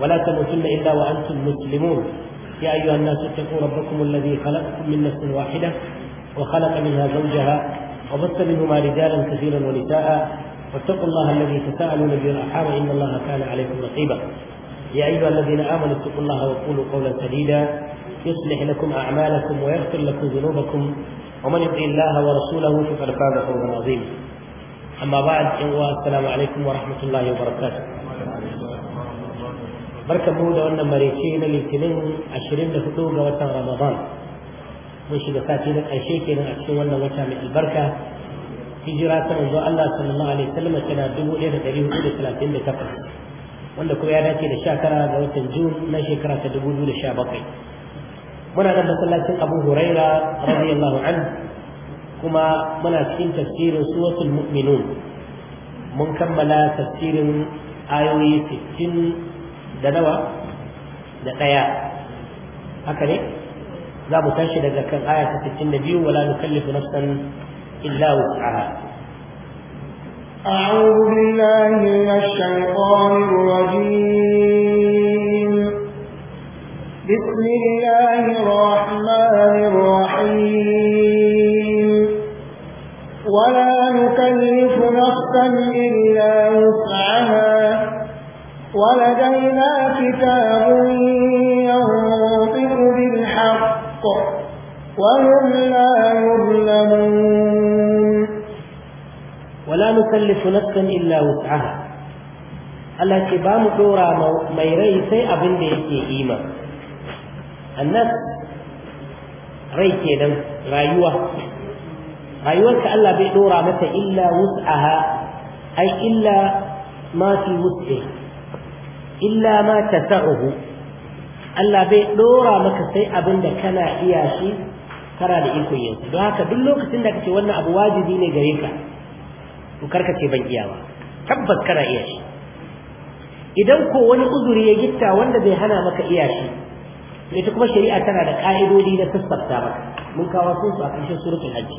ولا تموتن إلا وأنتم مسلمون يا أيها الناس اتقوا ربكم الذي خلقكم من نفس واحدة وخلق منها زوجها وبث منهما رجالا كثيرا ونساء واتقوا الله الذي تساءلون به الأرحام إن الله كان عليكم رقيبا يا أيها الذين آمنوا اتقوا الله وقولوا قولا سديدا يصلح لكم أعمالكم ويغفر لكم ذنوبكم ومن يطع الله ورسوله فقد فاز فوزا عظيما أما بعد السلام عليكم ورحمة الله وبركاته barkamu da wannan marece na litinin hudu ga watan ramadan mun shiga sati na ƙarshe kenan a cikin wannan wata mai albarka hijira ta manzo Allah sallallahu alaihi wasallam tana takwas. wanda kuma ya dace da shakara ga watan Jun na shekara ta bakwai. muna nan masallacin Abu Huraira radiyallahu anhu kuma muna cikin tafsirin suratul mu'minun mun kammala tafsirin ayoyi 60 da nawa da ɗaya haka ne za mu tashi daga kan aya ta 62 wala nukallifu nafsan illa wus'aha أعوذ بالله من الشيطان الرجيم بسم الله الرحمن الرحيم ولا نكلف نفسا إلا ولدينا كتاب ينطق بالحق وهم لا يظلمون ولا نكلف نفسا إلا وسعها Allah ce ba mu dora mai rai sai abin da yake ima annas rai kenan rayuwa rayuwarka Allah bai dora mata illa wus'aha ai illa ma fi wus'i illa ma ta tasa'uhu Allah bai ɗora maka sai abin da kana iya shi kana da ikon yin don haka duk lokacin da kace wannan abu wajibi ne gare ka to karka ce ban iya ba tabbas kana iya shi idan ko wani uzuri ya gitta wanda bai hana maka iya shi ita kuma shari'a tana da ka'idodi na sassafta maka mun kawo sun su a ƙarshen suratul hajji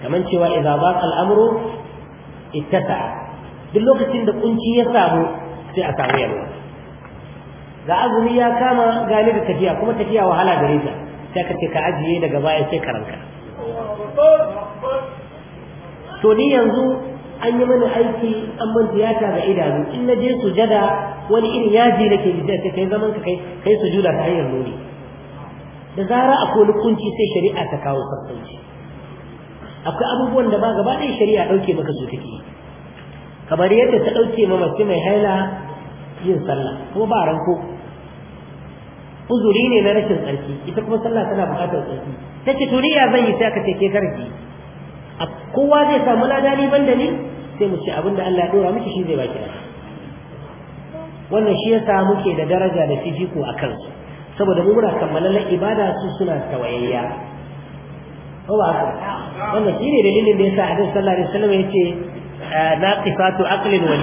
kamar cewa idza baqa al-amru ittasa'a duk lokacin da kunci ya samu sai a samu yalwa ga azumi ya kama gani da tafiya kuma tafiya wahala gare ta sai ka ce ka ajiye daga baya sai karanka to ni yanzu an yi mana aiki an man tiyata ga idanu in na je sujada wani irin yaji nake ji da kai zaman ka kai kai sujuda ta hanyar nuni da zara akwai hukunci sai shari'a ta kawo sassauci akwai abubuwan da ba gaba ɗaya shari'a ɗauke maka su take kamar yadda ta ɗauke ma mace mai haila yin sallah kuma ba ranko uzuri ne na rashin tsarki ita kuma sallah tana buƙatar tsarki ta ce ya zan yi sai aka ce ke karki kowa zai samu lada ni ban da ni sai mu ce abin da Allah ya ɗora miki shi zai baki wannan shi yasa muke da daraja da fifiko a kansu saboda mu muna kammalallen ibada su suna tawayayya ko ba haka wannan shine dalilin da yasa Annabi sallallahu alaihi wasallam yace naqisatu aqlin wa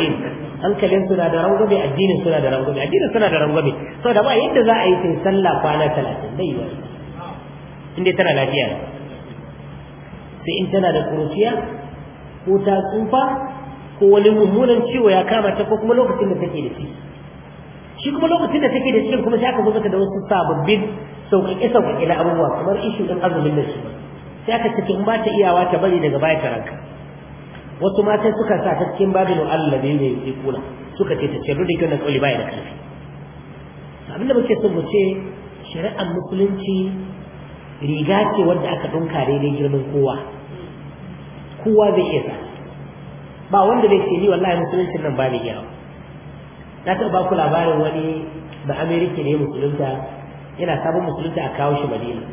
hankalin suna da rangwame addinin suna da rangwame addinin suna da rangwame da ba yadda za a yi sun sallah kwana talatin bai in dai tana lafiya sai in tana da kuruciya ko ta tsufa ko wani mummunan ciwo ya kama ta ko kuma lokacin da take da shi, shi kuma lokacin da take da shi, kuma sai aka zo da wasu sababbin sauƙaƙe-sauƙaƙe na abubuwa kamar ishin ɗin azumin da shi sai aka ce in ba ta iyawa ta bari daga baya ta ranka wasu matan suka sa ta cikin babin allabi mai yi kula suka ce ta ce rudi kan kauli bai da Abin da muke son mu ce shari'ar musulunci riga ce wanda aka dunka daidai girman kowa kowa zai iya sa ba wanda zai ce ni wallahi musuluncin nan ba ni yawa na ta ba ku labarin wani da amerika ne musulunta yana sabon musulunta a kawo shi madina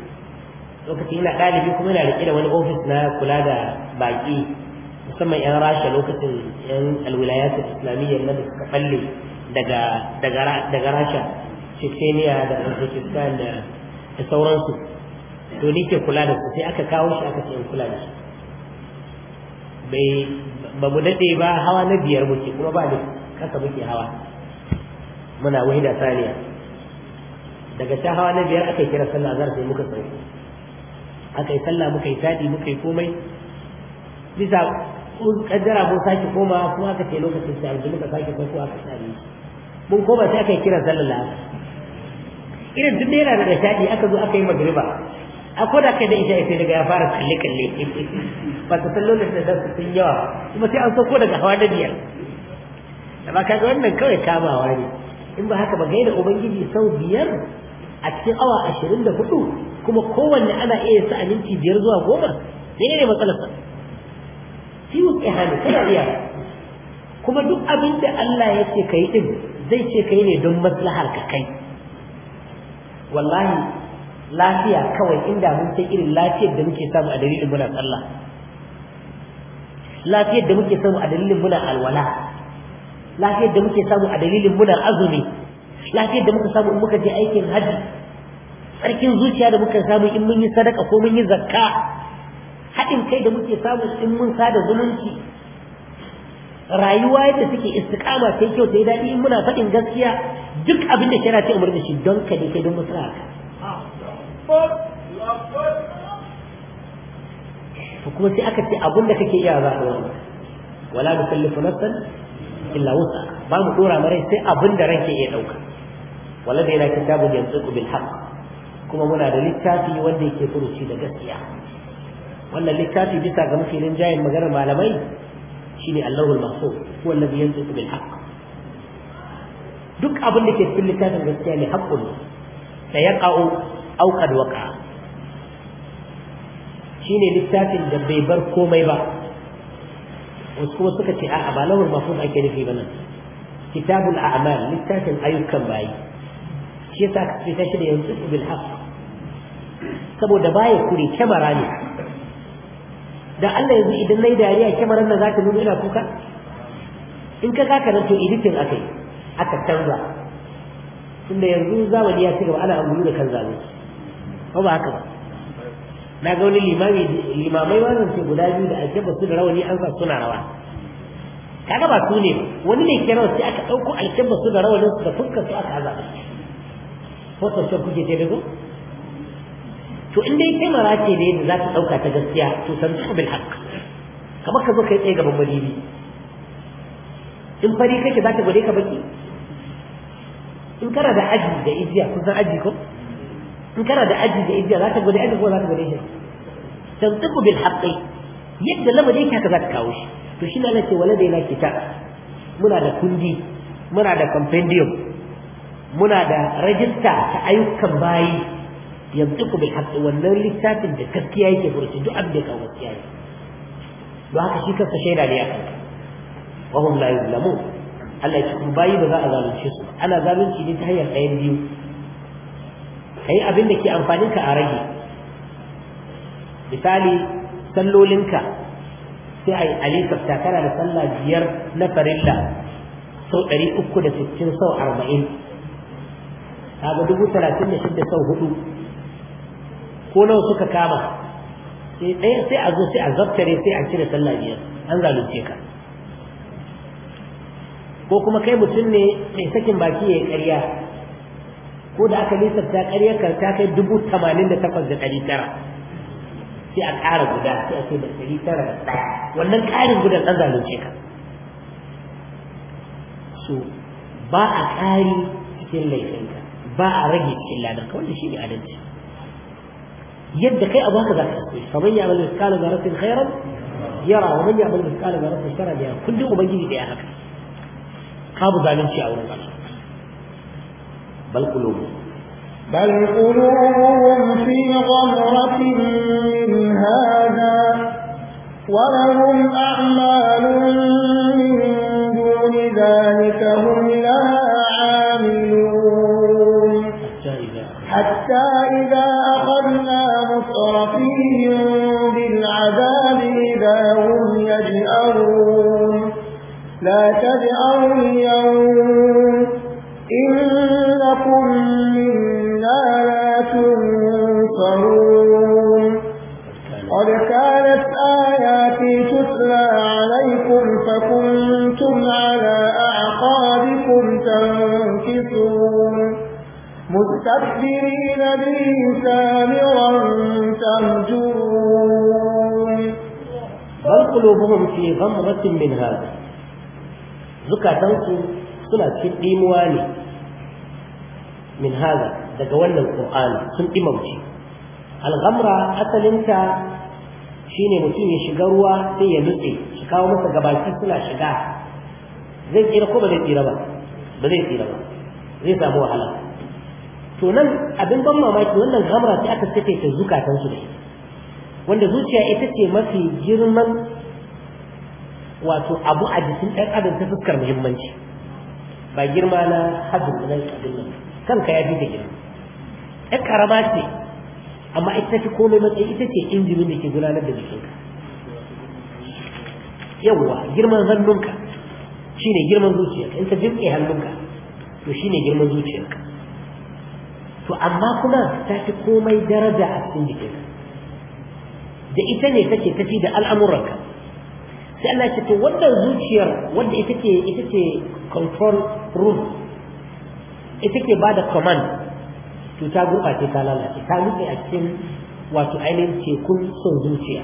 lokacin yana ɗalibi kuma yana riƙe da wani ofis na kula da baƙi musamman yan rasha lokacin yan alwilayatul islamiyyar na da suka falle daga rasha chechenia da uzbekistan da da sauransu to ni ke kula da su sai aka kawo shi aka ce in kula da shi bai ba mu dade ba hawa na biyar muke kuma ba da kasa muke hawa muna da saniya daga ta hawa na biyar aka kira sallah zar sai muka tsaye aka yi sallah muka yi tadi muka yi komai bisa kaddara mun sake koma kuma aka ce lokacin sai an muka sake kai ko aka sare mun koma sai aka yi kira sallallahu irin duk da yana da nishadi aka zo aka yi magriba akwai da kai da isha sai daga ya fara kalle kalle ba ta sallon da da su sun yawa kuma sai an sauko daga hawa da biyar Da ba kaga wannan kawai kamawa ne in ba haka ba da ubangiji sau biyar a cikin awa ashirin da hudu kuma kowanne ana iya sa a minti biyar zuwa goma ne ne matsalarsa ciwon ihani kana iya kuma duk abin da Allah ya ce ka yi din zai ce ka yi ne don maslahar ka kai wallahi lafiya kawai inda mun ce irin lafiyar da muke samu a dalilin muna sallah lafiyar da muke samu a dalilin muna alwala lafiyar da muke samu a dalilin muna azumi lafiyar da muka samu in muka je aikin hajji, tsarkin zuciya da muka samu in mun yi sadaka ko mun yi zakka haɗin kai da muke samu in mun sada zumunci rayuwa yadda suke istiqama sai kyau sai daɗi in muna faɗin gaskiya duk abin da shari'a ta umar da shi don ka ne kai don maslaha ka kuma sai aka ce abin da kake iya za a wani wala da sallifu nafsan illa wusa ba mu dora marai sai abin da ranke iya ɗauka wala da yana kitabun yanzu bil haqq kuma muna da littafi wanda yake furuci da gaskiya wannan littafi bisa ga mafi jayin maganar malamai shine Allahul Mahfuz huwa alladhi yantiqu bil haqq duk abin da ke cikin littafin gaskiya ne haqqun da ya qa'u aw qad waqa shine littafin da bai bar komai ba wasu kuma suka ce a'a ba lahul mahfuz ake nufi ba nan kitabul a'mal littafin ayyukan bayi shi yasa ka ce shi da yanzu bil haqq saboda baya kure kyamara ne da Allah yanzu idan nayi dariya kyamarar nan za ta nuna ina kuka in ka zaka nan to aka akai aka canza tunda yanzu zamani ya ci gaba ana amfani da kan zane ko ba haka ba na ga wani limami limamai wannan ce guda biyu da ajaba su da rawani an sa suna rawa kaga ba su ne wani ne ke rawa sai aka dauko alkebba su da rawani da fuskar su aka azaba ko kuke ce da to in dai kai ce ne da za ka ɗauka ta gaskiya to san su bil haqq kamar ka zo kai tsaye gaban madubi in fari kake za ka gwade ka baki in kana da aji da ijiya kun san aji ko in kana da aji da ijiya za ka aji ko za ka gwade shi su bil haqqi yadda lamari yake haka za ka kawo shi to shi ne ce wala dai na ta muna da kundi muna da compendium muna da rajista ta ayyukan bayi yantiku bai haqqi wannan littafin da gaskiya yake furci duk abin da ka gaskiya ne don haka shi kansa shaida ne akan wa hum la yuzlamu Allah ya kuma bayi ba za a zalunce su ana zalunci ne ta hanyar ɗayan biyu kai abin da ke amfanin ka a rage misali sallolinka sai a yi alisafta kana da sallah biyar na farilla sau ɗari uku da sittin sau arba'in kaga dubu talatin da shida sau hudu ko nawa suka kama sai ɗaya sai a zo sai a zaftare sai a cire sallah biyar an zalunce ka ko kuma kai mutum ne mai sakin baki ya yi ƙarya ko da aka lissafta ƙaryar ta kai dubu tamanin da takwas da ɗari tara sai a ƙara guda sai a ce da ɗari tara da ɗaya wannan ƙarin gudan an zalunce ka so ba a ƙari cikin laifinka ba a rage cikin ladanka wanda shi ne adalci يد خير أبو هذا فمن يعمل مثقال ذرة خيرا يرى ومن يعمل مثقال ذرة شرا يرى كل أبنجي بها قابض قابوا بعدين شيء أولا بل قلوبهم بل قلوبهم في غمرة من هذا ولهم أعمال تبعهم ينظر إنكم منا لا تنصرون قد كانت آياتي تتلى عليكم فكنتم على أعقابكم تنكسون مستكبرين به سامرا تهجرون بل قلوبهم في غمرة من هذا zukatansu suna cikin ɗimuwa ne min haza daga wannan qur'ani sun ɗimauce alghamra asalinta shine mutum ya shiga ruwa sai ya nutse shi kawo masa gabaki suna shiga zai tsira ko ba zai tsira ba ba zai tsira ba zai samu wahala to nan abin ban mamaki wannan gamra sai aka sake ta zukatansu da wanda zuciya ita ce mafi girman wato abu a jikin ɗan adam ta fuskar muhimmanci ba girma na hadin na abin nan kanka ya fi da girma ɗan karama ce amma ita ce komai matsayi ita ce injimin da ke gudanar da jikinka yawwa girman hannunka shine girman zuciyarka in ka jirƙe hannunka to shine girman zuciyarka to amma kuma ta fi komai daraja a cikin jikinka da ita ne kake tafi da al'amuranka sai Allah ce to wannan zuciyar wanda ita ce ita ce control room ita ke bada command to ta gurɓace ta lalace ta rufe a cikin wato ainihin tekun son zuciya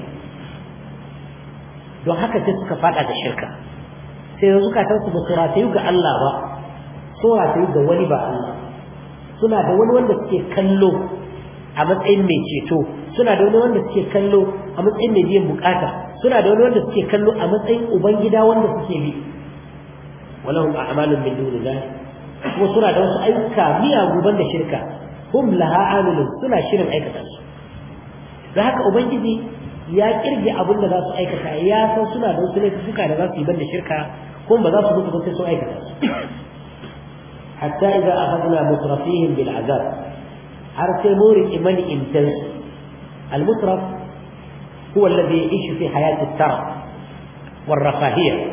don haka sai suka fada da shirka sai yanzu zukatansu ba su ratayu ga Allah ba su ratayu ga wani ba Allah suna da wani wanda suke kallo a matsayin mai ceto suna da wani wanda suke kallo a matsayin mai biyan bukata suna da wani wanda suke kallo a matsayin ubangida wanda suke bi walahum a'malun min duni zalik kuma suna da wasu aika miyagu banda shirka hum laha amilun suna shirin aikata su da haka ubangiji ya kirge abin da za su aikata ya san suna da wasu laifuka da za su yi banda shirka kuma ba za su mutu ba sai sun aikata su hatta idza akhadna mutrafihim bil azab har sai murin imani intan al mutraf هو الذي يعيش في حياة الترف والرفاهية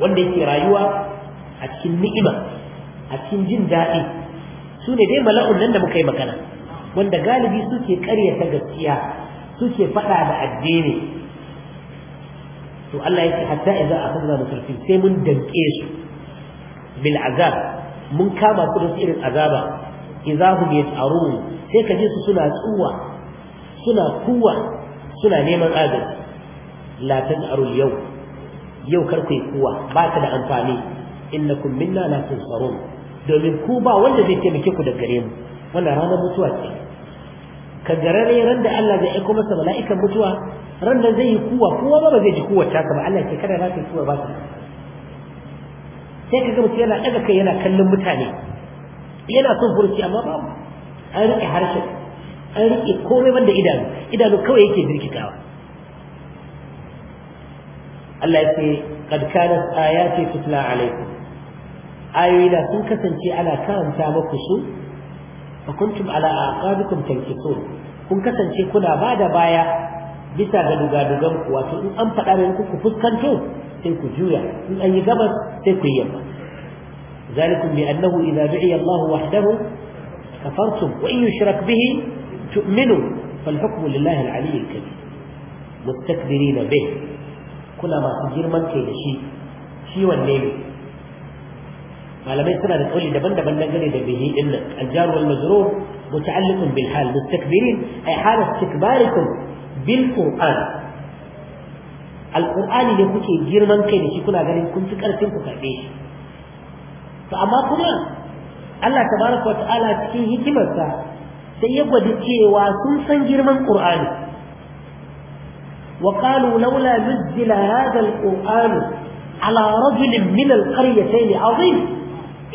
والذي في رايوة أتكن نئمة أتكن جن دائي سوني دي ملأ لن Wanda galibi وان karya سوكي gaskiya, تغسيا سوكي فقع بأديني to Allah yake hatta idza akhadna mutarfin sai mun danke su bil azab mun kama su da irin azaba idza hum yas'arun sai ka ji su suna tsuwa suna kuwa suna neman agaji la tan'arul yau yau kar ku kuwa ba ta da amfani innakum minna la tunsarun domin ku ba wanda zai taimake ku da gare mu wannan ranar mutuwa ce ka garare ran da Allah zai aiko masa mala'ikan mutuwa ran da zai yi kuwa kowa ba zai ji kuwa ta ba Allah ke kada za ta kuwa ba ta sai ka ga mutum yana daga kai yana kallon mutane yana son furuci amma babu an rike harshen an riƙe komai banda idanu idanu kawai yake birkitawa Allah ya ce qad kanat ayati tutla alaikum ayoyi da sun kasance ana karanta muku su fa kuntum ala aqabikum tankisun kun kasance kuna ba da baya bisa ga dugadugan ku wato in an faɗa muku ku fuskanto sai ku juya in an yi gabas sai ku yi yamma zalikum bi annahu idza du'iya Allah wahdahu kafartum wa in bihi tu'minu fal hukmu lillahi al-ali al-kabir mustakbirina bih kuna masu girman kai da shi ciwon ne malamai suna da kauli daban-daban dangane da bihi din nan al-jar wal majrur muta'alliqun bil hal mustakbirin ay hal istikbarikum bil qur'an al ne kuke girman kai da shi kuna ganin kun fi karfin ku karbe shi to amma kuma Allah tabaraka wa ta'ala cikin hikimarsa sai ya gwada cewa sun san girman qur'ani wa qalu laula nuzila hadha alquran ala rajulin min alqaryatayn azim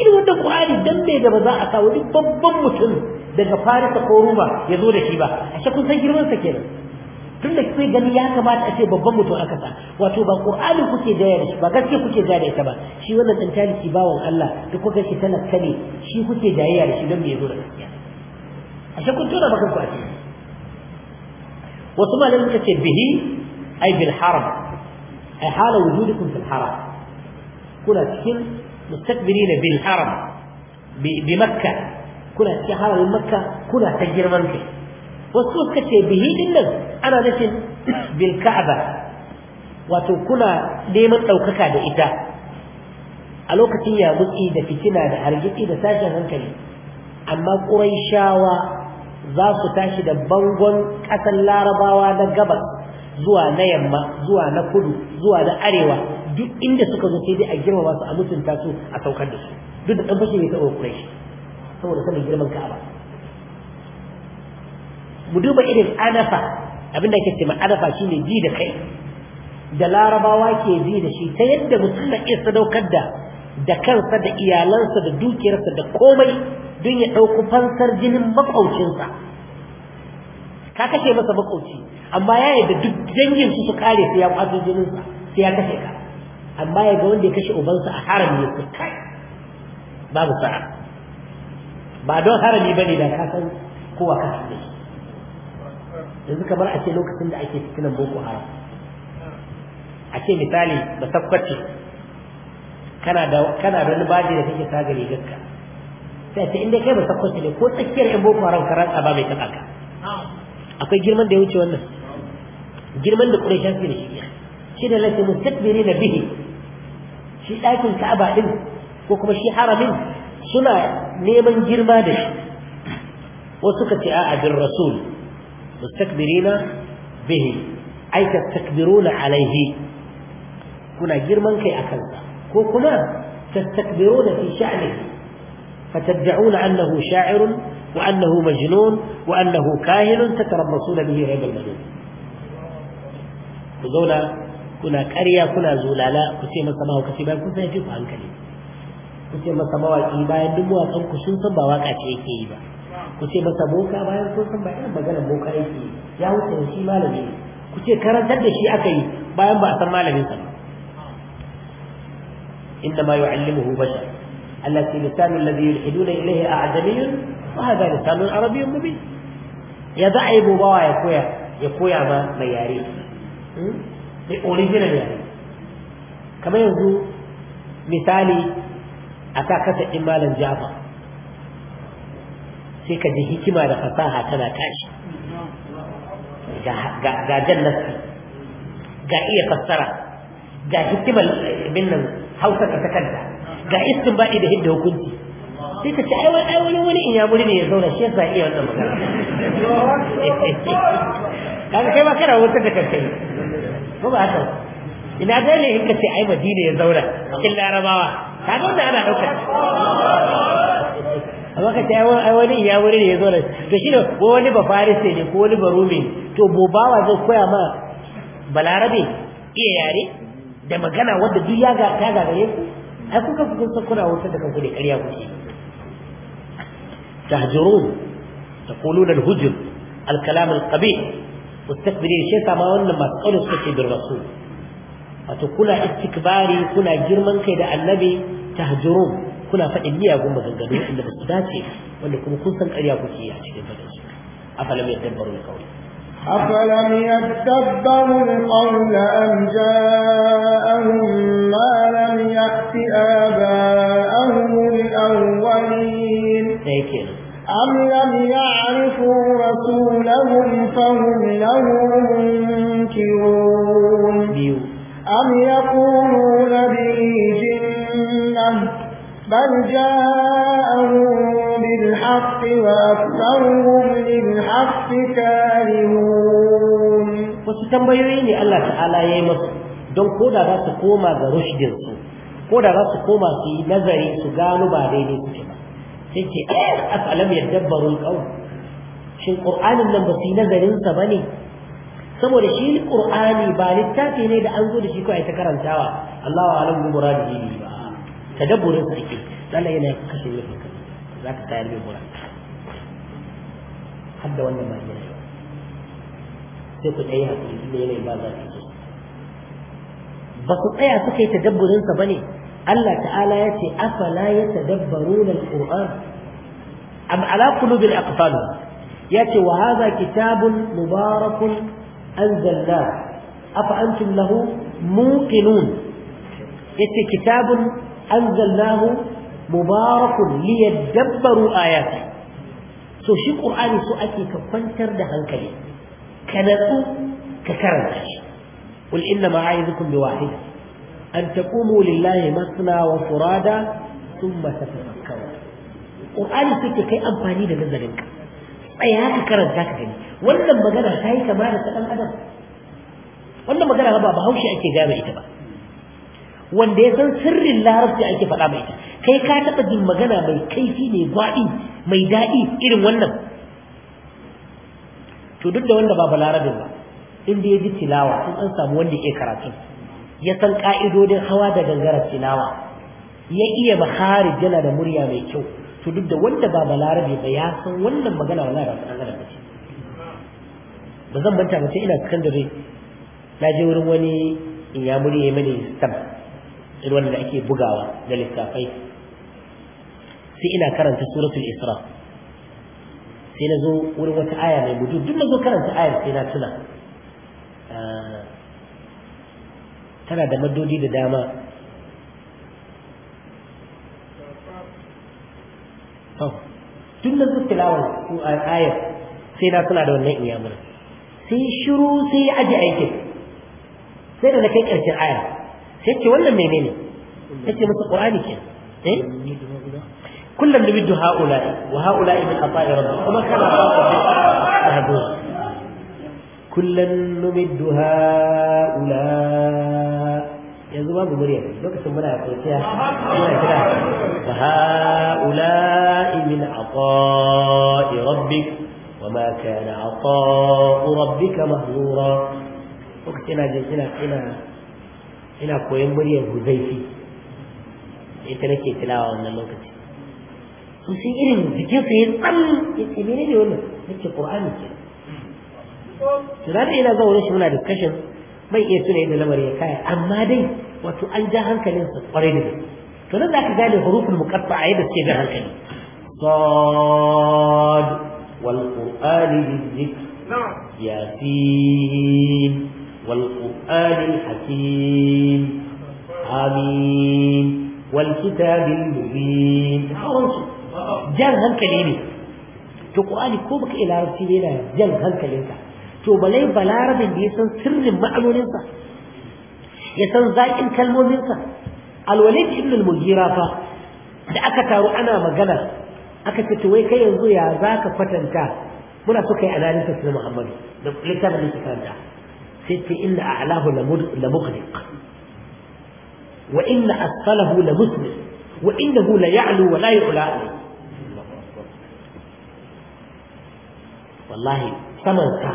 irin wanda qur'ani dan bai da ba za a sa wani babban mutum daga farisa ko Roma ya zo da shi ba ashe kun san girman sa kenan tun da kai gani ya kamata a ce babban mutum aka sa wato ba qur'ani kuke jaya da shi ba gaske kuke jaya da ita ba shi wannan dan taliki bawan Allah duk kuka shi tana ne shi kuke jayayya da shi dan bai zo da gaskiya ashe kun tona maka ku asiri wasu malamai suka ce bihi ai bil haram ai hala wujudukum fil haram kuna cikin mustakbirina bil haram bi makka kuna cikin haramin makka kuna ta girman kai wasu suka ce bihi din nan ana nufin bil ka'aba wato kuna neman ɗaukaka da ita a lokacin yamutsi da fitina da hargitsi da sashen hankali amma shawa. za su tashi da bangon ƙasar larabawa na gabas zuwa na yamma zuwa na kudu zuwa na arewa duk inda suka zo sai dai a girmama su a mutunta su a saukar da su duk da ɗan ne taɓa shi saboda sanin girman ka'aba mu duba irin adafa abinda ake ce ma adafa shine ji da kai da larabawa ke ji da shi ta yadda mutum na iya sadaukar da da kansa da iyalansa da dukiyarsa da komai don ya ɗauki fansar jinin makaucinsa ka kashe masa makauci amma ya da duk dangin su su kare sai ya kwato jininsa sai ya kashe ka amma ya ga wanda ya kashe ubansa a haram ne su kai babu sa'a ba don harami bane da ka san kowa ka ne. yanzu kamar a ce lokacin da ake fitinan boko haram a ce misali da tabbaci kana da kana da wani baji da kake saga rigarka sai ta inda kai ba sakwace ne ko tsakiyar yan boko haram ka tsaba ba mai taɓa ka akwai girman da ya wuce wannan girman da ƙuraishan su ne shi shi da lafi mustakbiri na bihi shi ɗakin ka'aba din ko kuma shi haramin suna neman girma da shi wasu suka ce a abin rasul mustakbirina bihi ai takbiruna alaihi kuna girman kai a kansa كوكما تستكبرون في شأنه فتدعون أنه شاعر وأنه مجنون وأنه كاهن تتربصون به غير المجنون كزونا كنا كريا كنا زولالا كسيما سماو كسيما كنا يجيب عن كلمة ku ce masa mawaƙi bayan duk mawaƙan ku sun san ba waƙa ce yake yi ba ku ce masa boka bayan sun san ba irin maganar boka yake yi ya wuce da shi malami ku ce karantar da shi akayi bayan ba a san malamin ba إنما يعلمه بشر التي لسان الذي يلحدون إليه أعجمي وهذا لسان عربي مبين يدعي أبو بوا يكويا يكويا ما ما ياري أوريجينال يعني كما يقول مثالي أتاكت إمالا جافا sai ka ji hikima da fasaha tana tashi ga jan nassi ga iya fassara ga hikimar bin nan hausa ka ta kanta ga iskin baɗi da hidda hukunci sai ka ce ai wani ai wani wani in ya muri ne ya zauna shi yasa iya wannan magana kaga kai ma kana wutar da kai ko ba haka ina ga ne in ka ce ai madina ya zauna cikin larabawa ga wannan ana dauka amma ka ce ai wani ya wuri ne ya zauna? to shi ne ko wani ba faris ne ko wani ba rumi to bobawa zai koya ma balarabe iya yare da magana wadda duk ya ga ta gagare ku ai kuka fi kun sakura wata da kanku da ƙarya kuke tahjurun taquluna al-hujr al-kalam al-qabih mustakbirin shi ma wannan masu suke bin rasul wato kuna istikbari kuna girman kai da annabi tahjurun kuna faɗin miyagun maganganu inda ba su dace wanda kuma kun san ƙarya kuke a cikin fadin su afalam baro al-qawl أفلم يتدبروا القول أم جاءهم ما لم يأت آباءهم الأولين أم لم يعرفوا رسولهم فهم له منكرون أم يقولون به جنة بل جاءهم بالحق وأكثرهم asfikarihun wasu tambayoyi ne Allah ta'ala ya yi masu don koda za su koma ga rushdin su koda za su koma su yi nazari su gano ba daidai suke ba sai ce eh, as'alam ya dabbarun qawl shin qur'anin nan ba su yi nazarin sa bane saboda shi qur'ani ba littafi ne da an zo da shi kawai ta karantawa Allahu a'lam bi muradihi ba tadabburin sa yake Allah yana kashe mutum zaka tayar mai muradi har da wannan mai yasa sai ku tsaye hakuri inda yanayin ba za su ba ku tsaya suka yi tadabburinsa ba ne Allah ta'ala ya ce afala ya tadabbaru na al'ur'an am ala kulubin aqfalu ya ce wa haza kitabun mubarakun anzalna afa antum lahu muqinun yace kitabun anzalnahu mubarakun liyadabbaru ayati so shi qur'ani so ake ka kwantar da hankali ka natsu ka karanta shi qul inna ma a'idukum biwahid an taqumu lillahi masna wa furada thumma tatafakkaru qur'ani so ke kai amfani da nazarin ka tsaya ka karanta ka gani wannan magana ta yi kama da ta dan adam wannan magana ba ba haushi ake gane ita ba wanda ya san sirrin larabci ake faɗa mai ita kai ka taɓa jin magana mai kaifi mai gwaɗi mai daɗi irin wannan to duk da wanda ba balarabe ba in da ya ji tilawa in an samu wanda ya karatu ya san ƙa'idodin hawa da gangara tilawa ya iya bahari yana da murya mai kyau to duk da wanda ba balarabe ba ya san wannan magana wallahi ba san adam bace ba zan manta ba sai ina cikin dare na je wurin wani in ya murya mani stamp irin wanda ake bugawa da littafai sai ina karanta suratul isra sai na zo wurin wata aya mai mutu duk na zo karanta ayar sai na tuna ah, tana da madodi da dama tun na zo tilawar ayar sai na tuna da wannan iyamar sai shiru sai ya aji aikin sai da na kai ƙarshen aya sai ce wannan menene sai ce masa ƙwa'ani ke eh kullum da bidu ha'ula'i wa ha'ula'i min ata'i rabbi kuma kana fa'ala نمد هؤلاء yanzu babu murya lokacin muna kwanciya muna kira wa haula'i min ata'i rabbik wa ma kana ata'u rabbika mahzura lokacin ina jin ina ina ina koyon muryar huzaifi ita nake tilawa wannan lokaci وفي إلم ذكر في طن يتمين لي ولا في القرآن tunanin ina zan wurin shi muna discussion bai iya tuna inda lamarin ya kaya amma dai wato an ja hankalin su kwarai da gaske to nan za ka gane hurufin muqatta a yadda suke da hankali sad wal qur'ani dhikr yasin wal qur'ani hakim amin wal kitabil mubin hawon su jan hankali ne to qur'ani ko baka yi larabci ne da jan hankalinka to balai balarabin da ya san sirrin ma'anoninsa ya san zaƙin kalmominsa alwalid ibn al-mughira fa da aka taru ana magana aka ce to wai kai yanzu ya zaka kwatanta muna so kai analysis na Muhammadu da littafin da karanta sai ce inna a'lahu la mughliq wa inna asfalahu la muslim wa innahu la ya'lu wa la yu'la wallahi saman sa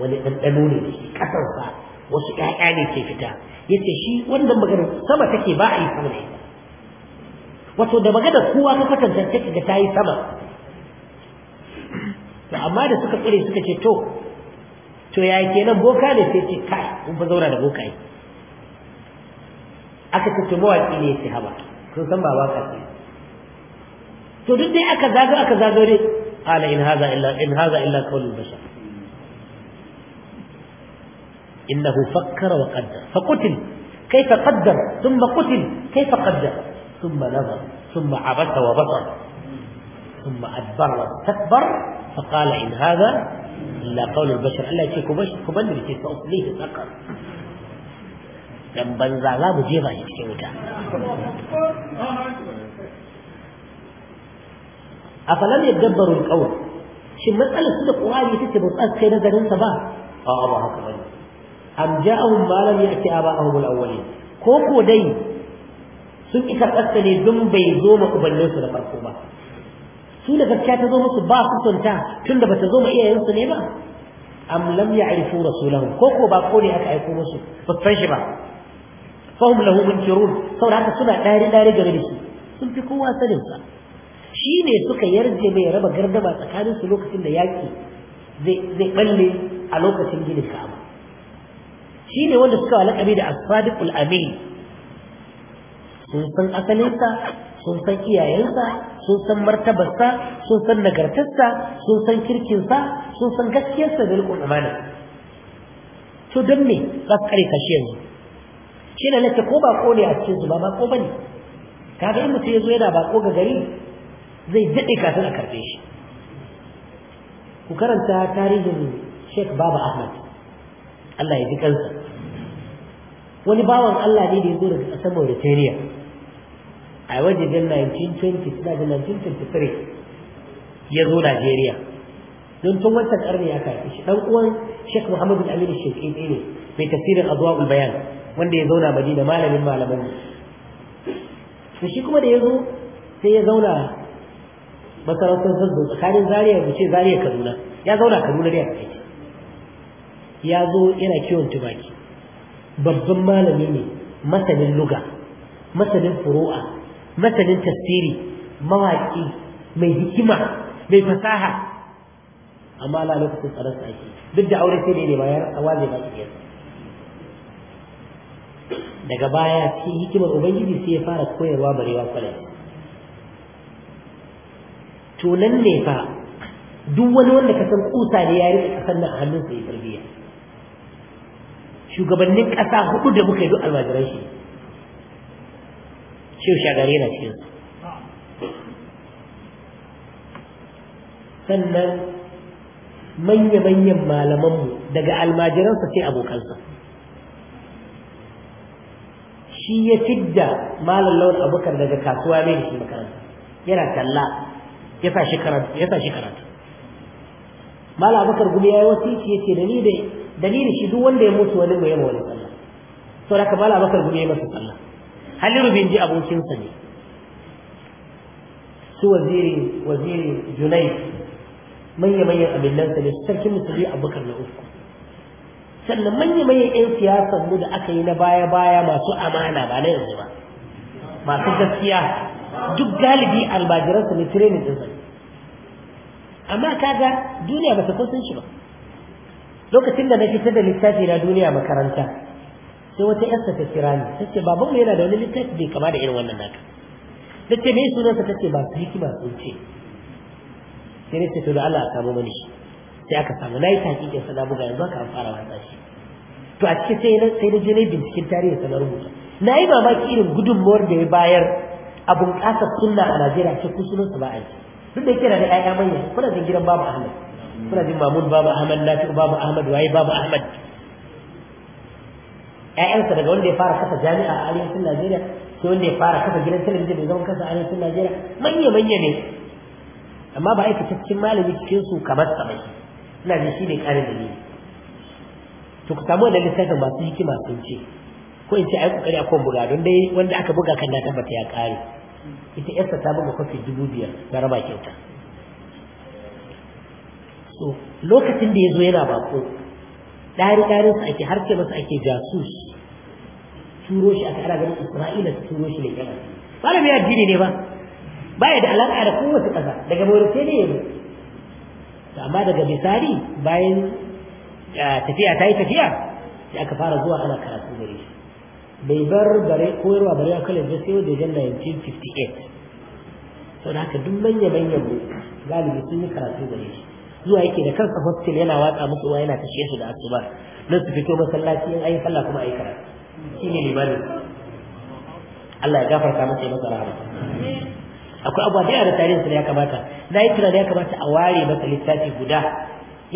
wani ɗanɗano ne da shi ƙasan sa wasu ƴaƴa ne ke fita yace shi wannan magana sama take ba a yi sama ne wato da magana kowa ka kwatanta take ga tayi sama to amma da suka tsire suka ce to to ya nan boka ne sai ce kai mun fa zauna da boka yi aka ce to mawaki ne sai haba sun san ba waka ce to duk dai aka zago aka zago قال إن هذا إلا إن هذا إلا كون البشر إنه فكر وقدر فقتل كيف قدر ثم قتل كيف قدر ثم نظر ثم عبس وبصر ثم أدبر واستكبر فقال إن هذا إلا قول البشر ألا يشركوا بشر كبن بشيء فأصليه سقر لم بنزع لا مجيبا يشركوا shi afalam yadabbaru alqawl shin matsalar su da qur'ani ita ce ba su kai nazarin sa ba a ba haka bane am ja'ahum ma lam ya'ti aba'ahum alawwalin ko ko dai sun ki karɓarsa ne don bai zo ma ubanninsu da farko ba su da gaskiya ta zo musu ba su sunta tunda bata zo ma iyayensu ne ba am lam ya'rifu rasulahum ko ko ba ko ne aka aiko musu ba san shi ba fahum lahu munkirun saboda haka suna dare dare gare da su, sun fi kowa sanin sa shi ne suka yarje mai raba gardama tsakanin su lokacin da yaƙi zai balle a lokacin ginin kama shi ne wanda suka walakabi da asfadiqul amin sun san asalinsa sun san iyayensa sun san martabarsa sun san nagartarsa sun san kirkinsa sun san gaskiyarsa da rikon amana to don me za su kare kashe yanzu shi ne ko ba ko ne a cikinsu, su ba ba ko bane kaga in mutum ya zo yana ko ga gari zai daɗe kafin a karɓe shi ku karanta tarihin sheik Baba Ahmad Allah ya ji kansa wani bawan Allah ne da ya zo daga ƙasar Mauritania a wajen da 1923 ya zo Najeriya don tun wancan karni ya karɓe shi dan uwan sheik Muhammadu bin Aminu Shekiɗi ne mai tafsirin azuwa Bayan wanda ya zauna Madina malamin malamin ne shi kuma da ya zo sai ya zauna masarautar zazzau tsakanin zariya ce zariya kaduna ya zauna kaduna ne a kai ya zo yana kiwon tumaki babban malami ne masanin luga masanin furu'a masanin tasiri mawaƙi mai hikima mai fasaha amma ala lokacin tsaron tsaki duk da aure sai da ne bayan a ba su daga baya cikin hikimar ubangiji sai ya fara koyarwa barewa kwalai to nan ne fa duk wani wanda ka san kusa ne ya rike kasan nan a hannunsa ya tarbiyya shugabannin ƙasa hudu da muka yi duk almajiran shi shi shagari yana cikin sannan manya-manyan malamanmu daga almajiransa sai abokansa shi ya fidda malam lawan daga kasuwa ne da shi makaranta yana talla ya sa shi karatu ya sa shi karatu mala abakar gumi ya yi wasi da ni da dalilin shi duk wanda ya mutu wani mai yawa wani sallah to da kamala abakar gumi yi masa sallah halin rubin ji abokinsa ne su waziri waziri junai manya manyan abillan sa ne sarkin musulmi abakar na uku sannan manya manyan yan siyasar mu da aka yi na baya baya masu amana ba na yanzu ba masu gaskiya duk galibi almajiransa ne training din sai amma kaga duniya ba ta kusan shi ba lokacin da na fitar da littafi na duniya makaranta sai wata yarsa ta kira ni ta ce babanmu yana da wani littafi bai kama da irin wannan naka ta ce me sunansa ta ce ba su ba sun ce sai ne to da Allah a samu mani sai aka samu na yi ke sana buga yanzu aka fara wasa shi to a cikin sai na sai na je binciken tarihi sana rubuta na yi mamaki irin gudunmuwar da ya bayar a bunƙasar sunna a Najeriya ce ku sunan su ba a duk da kira da ƴaƴa manya kuna jin gidan babu Ahmad kuna jin Mamun babu Ahmad Nafi babu Ahmad waye babu Ahmad ƴaƴansa daga wanda ya fara kafa jami'a a arewacin Najeriya sai wanda ya fara kafa gidan talabijin da zaman kansa a arewacin Najeriya manya manya ne amma ba aikataccen malami cikin su kamar sa bai ina jin shi ne ƙarin ni. to ku samu da littafin masu hikima sun ce ko in ce ai kokari a kon buga don dai wanda aka buga kan na tabbata ya kare ita yarsa ta buga kofi dubu biyar ta raba kyauta so lokacin da ya zo yana bako ɗari ɗari su ake harce masu ake jasus turo shi aka ana ganin isra'ila su turo shi ne kana ba da biyar addini ne ba baya da alaƙa da kowace ƙasa daga mauritania ne ya amma daga misali bayan eh, tafiya ta yi tafiya sai aka fara zuwa ana karatu gare shi bai bar bare koyarwa bare a college sai wajen 1958 sau da haka duk manya manyan mu galibi sun yi karatu gare shi zuwa yake da kansa hostel yana watsa musu ruwa yana tashe su da asuba don su fito masallaci in ayi sallah kuma ayi karatu ne limamin Allah ya gafarta masa ya masa rahama akwai abuwa da yawa da tarihin su da ya kamata na yi tunanin ya kamata a ware masa littafi guda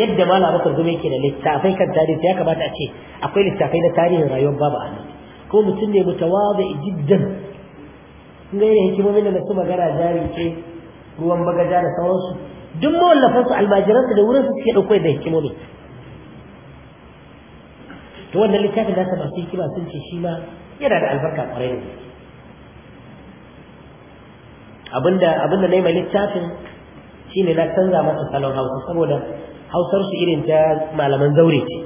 yadda malam abubakar zuma yake da littafai kan tarihi ya kamata a ce akwai littafai na tarihin rayuwar babu a nan ko mutum ne mutawada jiddan kun ga irin hikimomin da na su magana jari ce ruwan bagaja da sauransu duk mawallafan su almajiran su da wurin su suke dauko da hikimomi to wannan littafin da ta masu hikima sun ce shi ma yana da albarka kwarai da abinda abinda na yi mai littafin shine na canza masa salon hausa saboda hausar su irin ta malaman zaure ce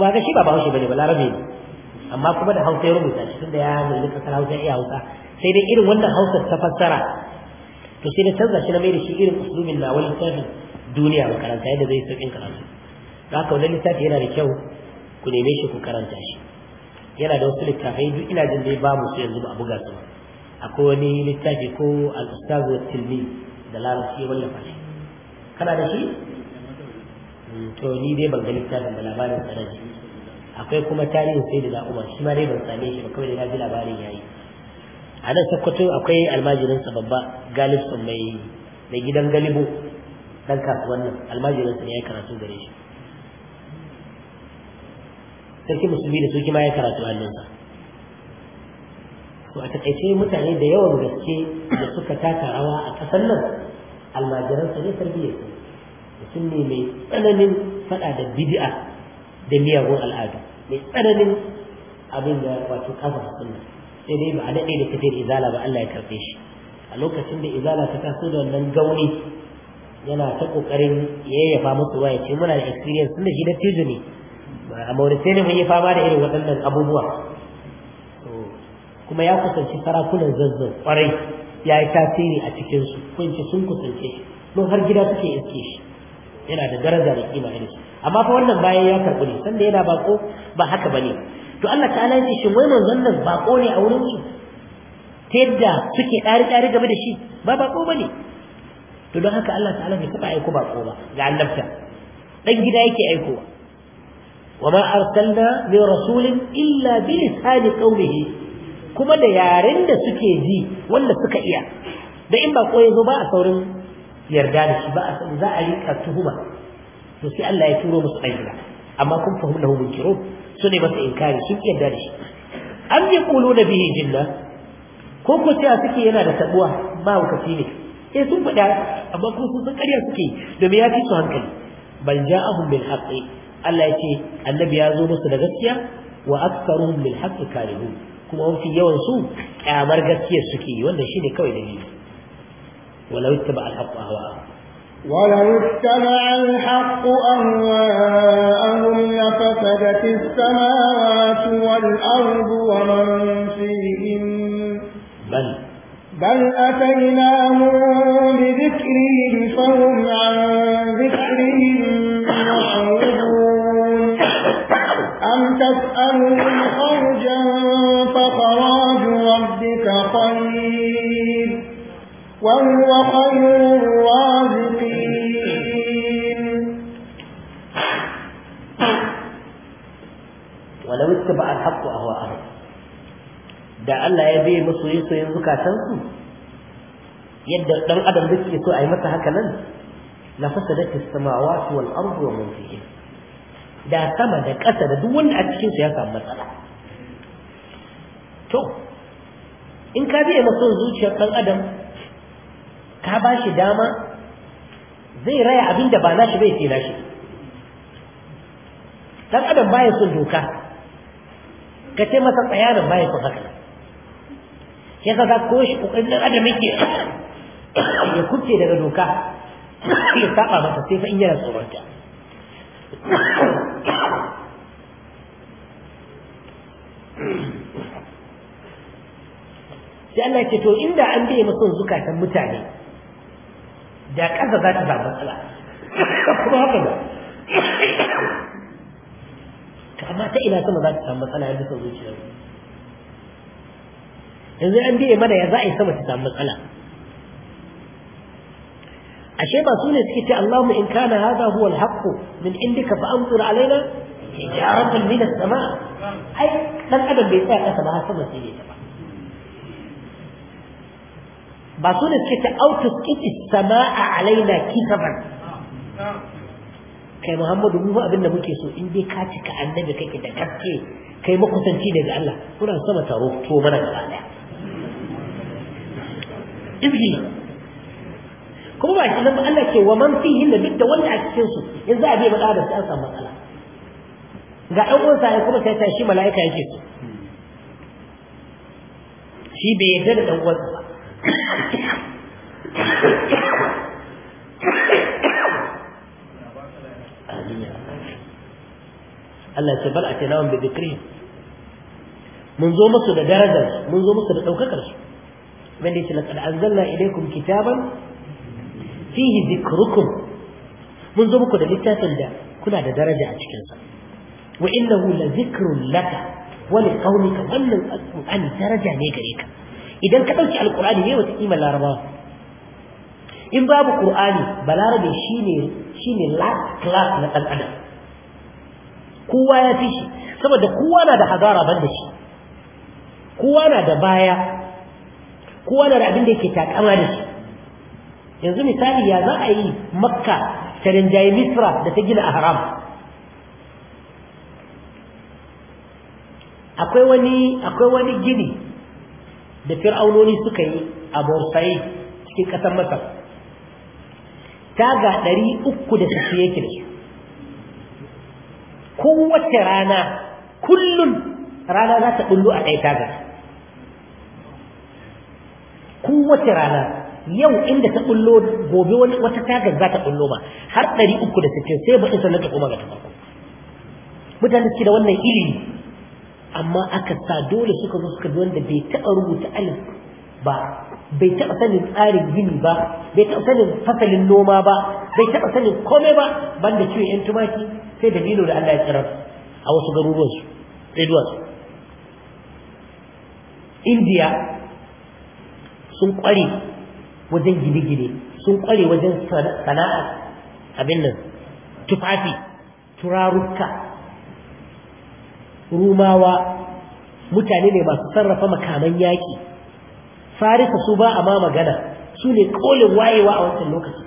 ba ga shi ba ba bane ba larabe ne amma kuma da hausa ya rubuta shi tunda ya mulki kasar hausa ya hausa sai dai irin wannan hausar ta fassara to sai da canza shi na mai da shi irin usulumin na wani tafi duniya makaranta yadda zai sauƙin karatu da haka wannan littafi yana da kyau ku neme shi ku karanta shi yana da wasu littafai duk ina jin dai ba mu su yanzu ba a buga su akwai wani littafi ko al wa tilmi da larabci wallafa shi kana da shi mm, to ni dai ban ga littafin da labarin tsaraji akwai kuma tarihin sai da umar shi ma dai ban same shi ba kawai da ji labarin yayi a nan sakkwato akwai almajirin babba galib mai mai gidan galibu dan kasuwan nan almajirin sa ne ya karatu gare shi sarki musulmi da sarki ma ya karatu hannun sa to a taƙaice mutane da yawan gaske da suka taka rawa a kasan nan almajiransa sa ne tarbiyyar su mutum ne mai tsananin faɗa da bid'a da miyagun al'adu mai tsananin abin da wato kafa sunna sai dai ba a daɗe da tafiyar izala ba Allah ya karɓe shi a lokacin da izala ta taso da wannan gauni yana ta kokarin yayyafa musu waya ce muna da experience da shi da tijo ne a Mauritania mun yi fama da irin waɗannan abubuwa kuma ya kusanci sarakunan zazzau kwarai ya yi tasiri a cikinsu kunci sun kusance shi mun har gida suke iske shi yana da daraja da kima irin amma fa wannan bayan ya karɓi ne sanda yana bako ba haka bane to Allah ta'ala ya ce shin wai manzon nan bako ne a wurin shi ta yadda suke ɗari ɗari game da shi ba bako bane to don haka Allah ta'ala bai taɓa aiko bako ba ga annabta dan gida yake aikowa arsalna li rasulin illa bi بلسان qawlihi kuma da yaren da suke ji wanda suka iya da in ba ya zo ba a saurin yarda da shi ba a san za a rika tuhuma to sai Allah ya turo musu ɗan amma kun fahimta lahu munkiru su ne masa inkari sun yarda da shi an yi kulu da bihi jinna ko ko suke yana da tabuwa ba wakafi ne eh sun faɗa amma kun sun ƙarya suke domin ya fi su hankali bal ja'ahum bil haqqi Allah ya ce annabi ya zo musu da gaskiya wa aktsaruhum lil haqqi karihun kuma mafi yawan su kyamar gaskiyar suke wanda shine kawai dalili walau ittaba al haqqa hawa ولو اتبع الحق أهواءهم لفسدت السماوات والأرض ومن فيهم بل بل أتيناهم بذكرهم فهم عن ذكرهم معرضون أم تسألهم خرجا فخراج ربك خير وهو خير alhaqqu ahwa ahad da Allah ya bai musu yi soyin zukatan su yadda dan adam yake so a yi masa haka nan la ke sama samawati wal wani wa man fihi da sama da ƙasa da duk wanda a cikin su ya samu matsala to in ka biya masa zuciyar dan adam ka ba shi dama zai raya abin da ba nashi bai ke nashi dan adam baya son doka ka ce masa tsayarin ba ya fi haka ya sa za ko shi kokarin adam yake ya kuce daga doka ya saba masa sai fa in yana tsoronta sai Allah ce to inda an biye son zukatan mutane da ƙasa za ta ba matsala kuma haka ba amma ta ina sama za ta samu matsala yanzu son zuciya yanzu an biye mana ya za a yi sama ta samu matsala ashe ba su ne suke ce Allahumma in kana hadha huwa al-haqq min indika fa anzur alaina hijaratan min as-sama' ai dan adam bai tsaya kasa ba har sama sai ne ba ba su ne suke ce autus kiti sama'a alaina kisaban kai Muhammadu mu abin da muke so in dai ka cika annabi kake da gaske kai makusanci daga Allah kuna sama taro to mana gaba daya izgi kuma ba shi zama Allah ke wa man fihi da duk da wanda a cikin su in za a bai bada da an samu matsala ga ɗan uwansa ya kuma sai ta shi mala'ika yake so shi bai yarda da ɗan uwansa ba duniya Allah ya ce bal atainahum bi dhikrihim mun zo musu da darajar mun zo musu da daukakar su من ليس لقد أنزلنا إليكم كتابا فيه ذكركم منذ مكنا لتاتن دا كنا دا درجة أشكنسا وإنه لذكر لك ولقومك وأن القرآن درجة نيجريك إذا كتبت على القرآن هي وتقيم الله رباه إن باب القرآن بلا ربي شيني shine last class na ɗan adam kowa ya fi shi saboda kowa na da hazara ban da shi kowa na da baya kowa na da abin da yake takama da shi yanzu misali ya za a yi makka ta rinjaye misra da ta gina a haram akwai wani akwai wani gini da fir'aunoni suka yi a borsai cikin ƙasar masar taga ɗari uku da su yake da su kowace rana kullum rana za ta ɓullo a ɗaya taga kowace rana yau inda ta ɓullo gobe wata taga za ta bullo ma har ɗari uku da sittin sai baɗin sannan ta kuma ga tafarko mutane suke da wannan ilimi amma aka sa dole suka zo suka zo wanda bai taɓa rubuta alif ba bai taɓa sanin tsarin gini ba bai taɓa sanin fasalin noma ba bai taɓa sanin komai ba banda ciwo yan tumaki sai da da Allah ya tsara a wasu garuruwan su Edward India sun kware wajen gine-gine sun kware wajen sana'a abin nan tufafi turarukka rumawa mutane ne masu sarrafa makaman yaki. farisa su ba a ma magana su ne kolin wayewa a wancan lokaci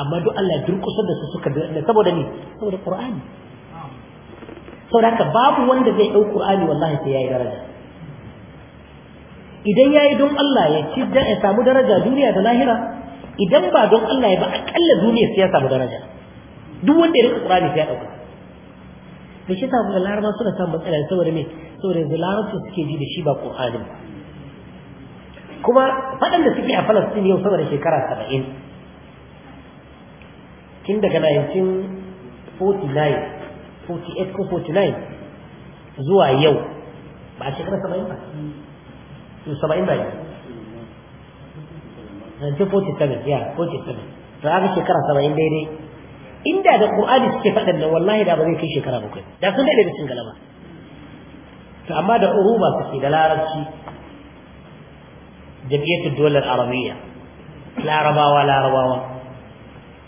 amma duk Allah ya durkusar da su suka da saboda ne saboda Qur'ani saboda haka babu wanda zai dau Qur'ani wallahi sai yayi daraja idan yayi don Allah ya ci da ya samu daraja duniya da lahira idan ba don Allah ya ba akalla duniya sai ya samu daraja duk wanda ya rika Qur'ani sai ya dauka da shi samu da larama suna samun matsala saboda me saboda yanzu larabci suke ji da shi ba Qur'ani ba kuma waɗanda suke a falastin yau sama da shekara saba'in tun daga 1949 48 ko 49 zuwa yau ba a shekara saba'in ba su saba'in ba yau 1947 ya 47 to aka shekara saba'in daidai inda da ƙur'ani suke faɗin da wallahi da ba zai kai shekara bakwai da sun daidai da cin galaba to amma da uruba suke da larabci jami'atul dolar arabiyya larabawa larabawa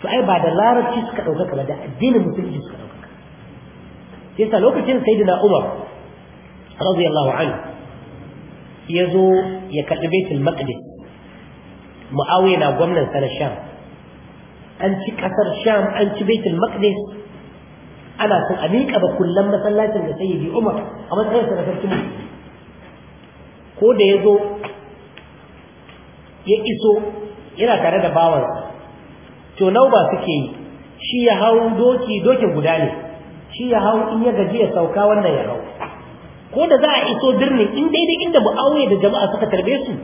to ai ba da larabci suka ɗaukaka ba da addinin musulunci suka ɗaukaka sai sa lokacin sayyidina umar radiyallahu anhu ya zo ya karɓi baitul maqdis muawiya na gwamnan sa na sham an ci kasar sham an ci baitul maqdis ana son a miƙa ba kullum masallacin da sayyidi umar a matsayin sa na ko da ya zo ya iso yana tare da bawansa to ba suke yi shi ya hau doki dokin guda ne shi ya hau in ya gaji ya sauka wannan ya hau ko da za a iso birnin in daidai inda aure da jama'a suka tarbe su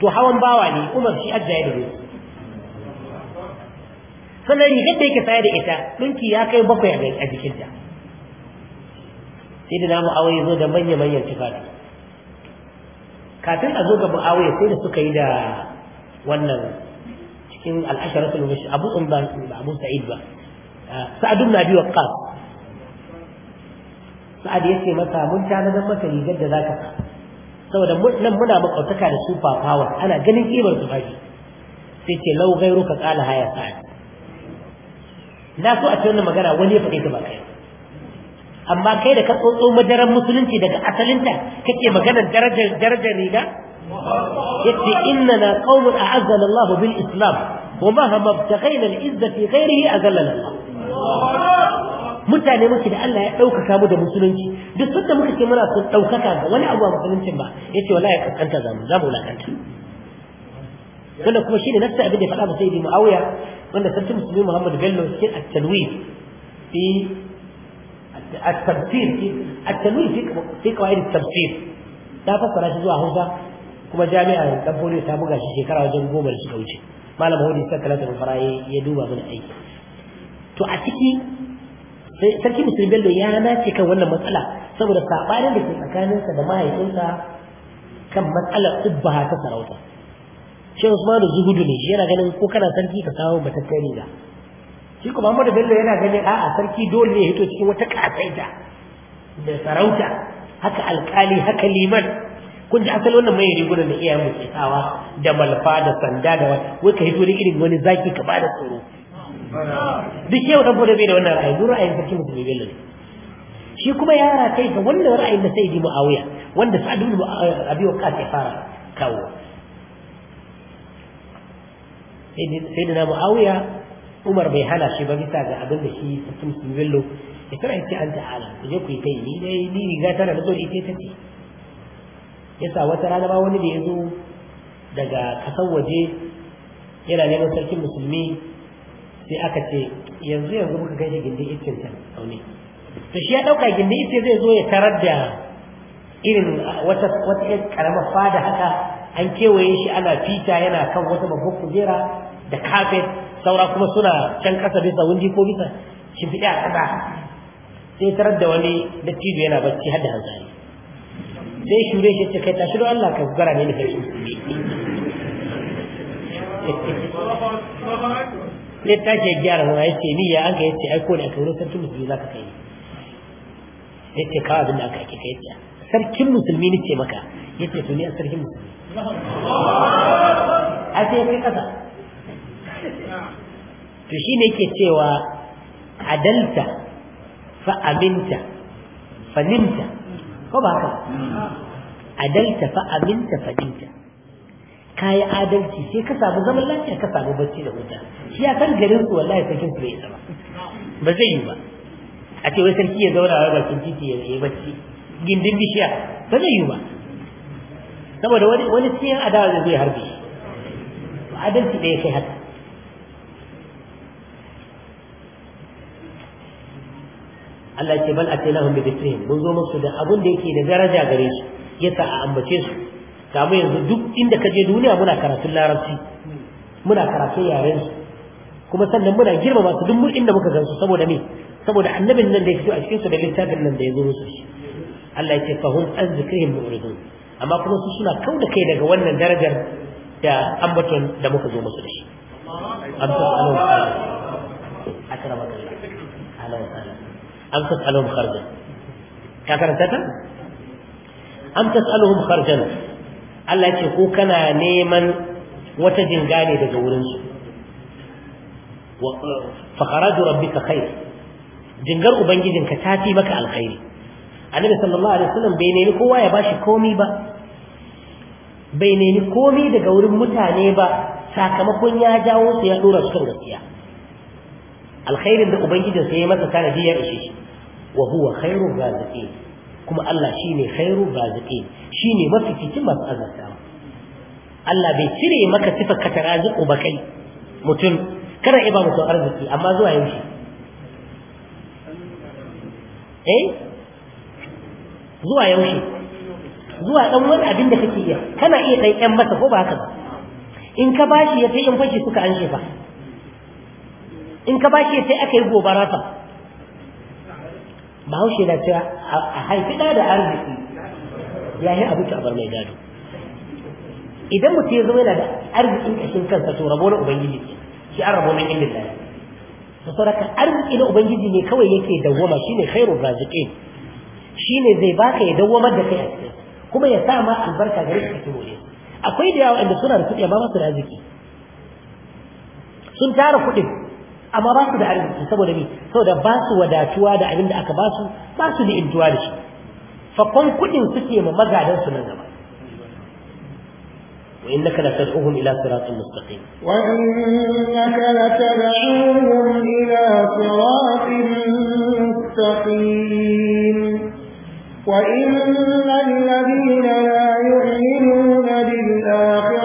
to hawan bawa ne umar shi adda ya dare sannan rigar da yake saya da ita dunki ya kai bakwai a jikinta sai da na Aure zo da manya-manyan tufafi kafin a zo ga aure sai da suka yi da wannan cikin al'asharatul mubashi abu umban ba abu sa'id ba ah, sa'ad ibn abi waqqas sa'ad yake masa mun nan maka rigar da zaka sa saboda nan muna makautaka da super power ana ganin kibar su fashi sai ce lau gairu ka kala haya sa'ad na so a ce wannan magana wani ya faɗi ta ba kai amma kai da ka tsotso madaran musulunci daga asalinta kake maganar darajar darajar riga yace innana qaumun a'azzana Allah bil islam wa mahama ibtaghayna al izza fi ghayrihi azallana Allah mutane muke da Allah ya ɗaukaka mu da musulunci duk sanda muka ce muna sun ɗaukaka ga wani abu a musuluncin ba yace wallahi kaskanta zamu mu lakanta wanda kuma shi shine nasta abin da ya faɗa ba sai Muawiya wanda sarki musulmi Muhammad Bello cikin at-tanwir fi at-tafsir at-tanwir fi fi qawaid at-tafsir ta fassara shi zuwa Hausa kuma jami'a dan foliyo ta buga shi shekara wajen goma da suka wuce malam hudu ta kalata da fara ya duba mana aiki to a ciki sarki musulmi bello ya nace kan wannan matsala saboda sabanin da ke tsakaninsa da mahaifinsa kan matsalar ubba ta sarauta shi usman zuhudu ne shi yana ganin ko kana sarki ka samu batattari ga shi kuma Muhammadu Bello yana ganin a'a sarki dole ne ya hito cikin wata kasaita da sarauta haka alkali haka liman kun ji asali wannan mai rigunan da iyayen mu tsawa da malfa da sanda da wai kai to da wani zaki ka bada tsoro duk yau dan bude bai da wannan ra'ayi duk ra'ayin sarki musulmi bai lalle shi kuma yara kai ga wannan ra'ayin da sai mu muawiya wanda sa'ad ibn abi waqas ya fara kawo sai da muawiya umar bai hana shi ba bisa ga abin da shi sarki musulmi bello ya tara yake an ta'ala ku je ku yi kai ni dai ni riga tana da tsori da ita ta ce yasa wata rana ba wani da ya zo daga kasan waje yana neman sarkin musulmi sai aka ce yanzu yanzu muka kai shi gindin iskin ta to shi ya dauka gindin icce zai zo ya tarar da irin wata wata karamar fada haka an kewaye shi ana fita yana kan wata babbar kujera da kafet saura kuma suna can kasa bisa wundi ko bisa shi shimfiɗe a ƙasa sai tarar da wani dattijo yana bacci har da hanzari sai shure shi ce kai ta shiru Allah ka gara ne nufin shi ne ta ke gyara zama ya ce niyya an ka yace ai ko a aka wurin sarkin musulmi za ka kai ya ce kawo abin da aka ake kai ya sarkin musulmi ne ce maka ya ce su ne a sarkin musulmi a sai kai kasa to shi ne ke cewa adalta fa'aminta nimta. ko ba ka adalta fa aminta fa dinta kai adalci sai ka samu zaman lafiya ka samu bacci da huta shi ya san garin su wallahi sarkin su bai sama ba zai yi ba a ce wai sarki ya zauna a bakin titi ya yi bacci gindin bishiya ba zai yi ba saboda wani wani cikin adawa zai harbe adalci da ya kai haka Allah ya ce bal atainahum bi dhikrihim mun zo musu da abun da yake da daraja gare su yasa a ambace su kamu yanzu duk inda ka je duniya muna karatun larabci muna karatun yaren su kuma sannan muna girmama su duk inda muka gansu saboda me saboda annabin nan da ya fito a cikin su da littafin nan da ya zo musu shi Allah ya ce fa fahum an zikrihim mu'ridun amma kuma su suna kauda kai daga wannan darajar da ambaton da muka zo musu da shi amsa alaihi wa sallam akramakallah alaihi wa sallam am tas'aluhum kharjan ka karanta ta am tas'aluhum kharjan Allah ce ko kana neman wata jinga ne daga wurin su fa kharaju rabbika khair jingar ubangijinka ta fi maka alkhairi annabi sallallahu alaihi wasallam bai kowa ya bashi komi ba bai komi daga wurin mutane ba sakamakon ya jawo su ya dora su kan gaskiya alkhairin da ubangijin sai ya masa tanadi ya ishe shi wa huwa khairur raziqin kuma Allah shine khairur raziqin shine mafificin masu azaba Allah bai cire maka sifar ka taraziku ba kai mutum kada iba mutum arziki amma zuwa yaushe eh zuwa yaushe zuwa dan wani abin da kake iya kana iya dai ƴan masa ko ba haka ba in ka bashi ya sai in fashi suka an shefa in ka bashi ya sai aka yi gobara fa bahaushe na cewa a haifi ɗaya da arziki ya yi abu a bar mai gado idan mutum ya zama yana da arzikin kashin kansa to rabo na ubangiji shi an rabo min indin lahi su saboda arziki na ubangiji ne kawai yake dawwama shine khairu shi shine zai baka ya dawwamar da kai a cikin kuma ya sa ma albarka gare ka kiro ne akwai da yawa inda suna da kuɗi amma masu su da arziki sun tara kuɗin amma ba su da arziki saboda me saboda ba su wadatuwa da abin da aka ba su ba su da intuwa da shi fakon kudin suke ma magadan su nan gaba وإنك لتدعوهم إلى صراط مستقيم وإنك لتدعوهم إلى صراط مستقيم وإن الذين لا يؤمنون بالآخرة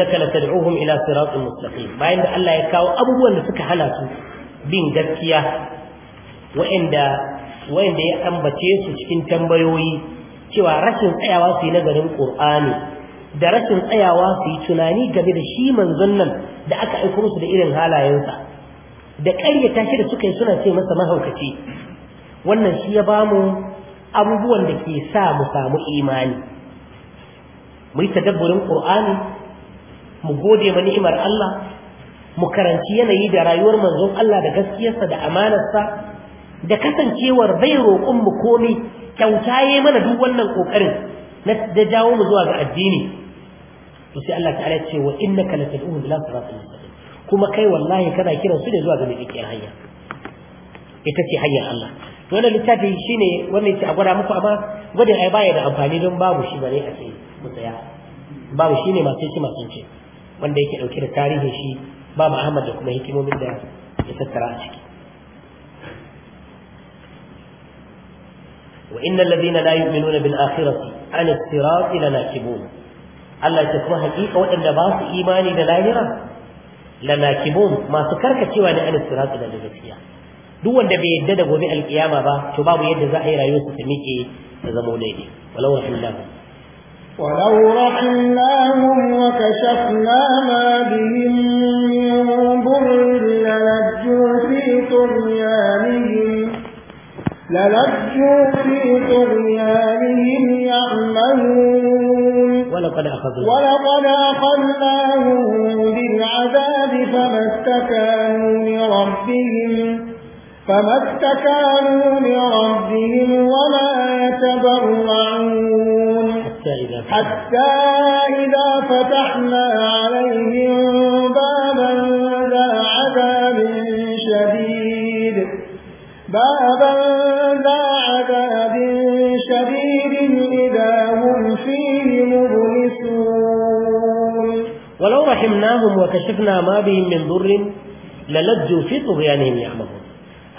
innaka latad'uhum ila siratin mustaqim bayan da Allah ya kawo abubuwan da suka hana su bin gaskiya wa'anda wa'anda ya ambace su cikin tambayoyi cewa rashin tsayawa su yi nazarin Qur'ani da rashin tsayawa su yi tunani game da shi manzon nan da aka aiko musu da irin halayensa da ƙaryata shi da suka yi suna ce masa mahaukaci wannan shi ya bamu abubuwan da ke sa mu samu imani mu yi tadabburin Qur'ani mu gode ma ni'imar Allah mu karanci yanayi da rayuwar manzon Allah da gaskiyarsa da amanarsa da kasancewar bai roƙon mu komai kyauta yayi mana duk wannan kokarin na da jawo mu zuwa ga addini to sai Allah ta'ala ya ce wa innaka latad'u ila siratal mustaqim kuma kai wallahi kana kiran su ne zuwa ga miƙiyar hanya ita ce hanyar Allah wannan littafi shine wannan ce a gwada muku amma gwadin ai baya da amfani don babu shi bare a ce mu tsaya babu shine masu hikima sun ce wanda yake ɗauke da tarihin shi ba Ahmad da kuma hikimomin da ya tattara a ciki wa innal ladina la yu'minuna bil akhirati an as lanakibun Allah ya kuma hakika waɗanda ba su imani da lahira lanakibun masu karkacewa da an as da gaskiya duk wanda bai yadda da gobe alkiyama ba to babu yadda za a yi rayuwarsa ta miƙe ta zama daidai walau rahimnahu ولو رحمناهم وكشفنا ما بهم من ضر للجوا في طغيانهم للجوا في طغيانهم يعملون ولقد أَخَذْنَاهُمْ ولقد أخذناهم بالعذاب فما استكانوا لربهم فما استكانوا لربهم وما يتبرعون حتى إذا فتحنا, حتى إذا فتحنا عليهم بابا ذا عذاب شديد بابا ذا عذاب شديد إذا هم فيه مبلسون ولو رحمناهم وكشفنا ما بهم من ضر للجوا في طغيانهم يعمهون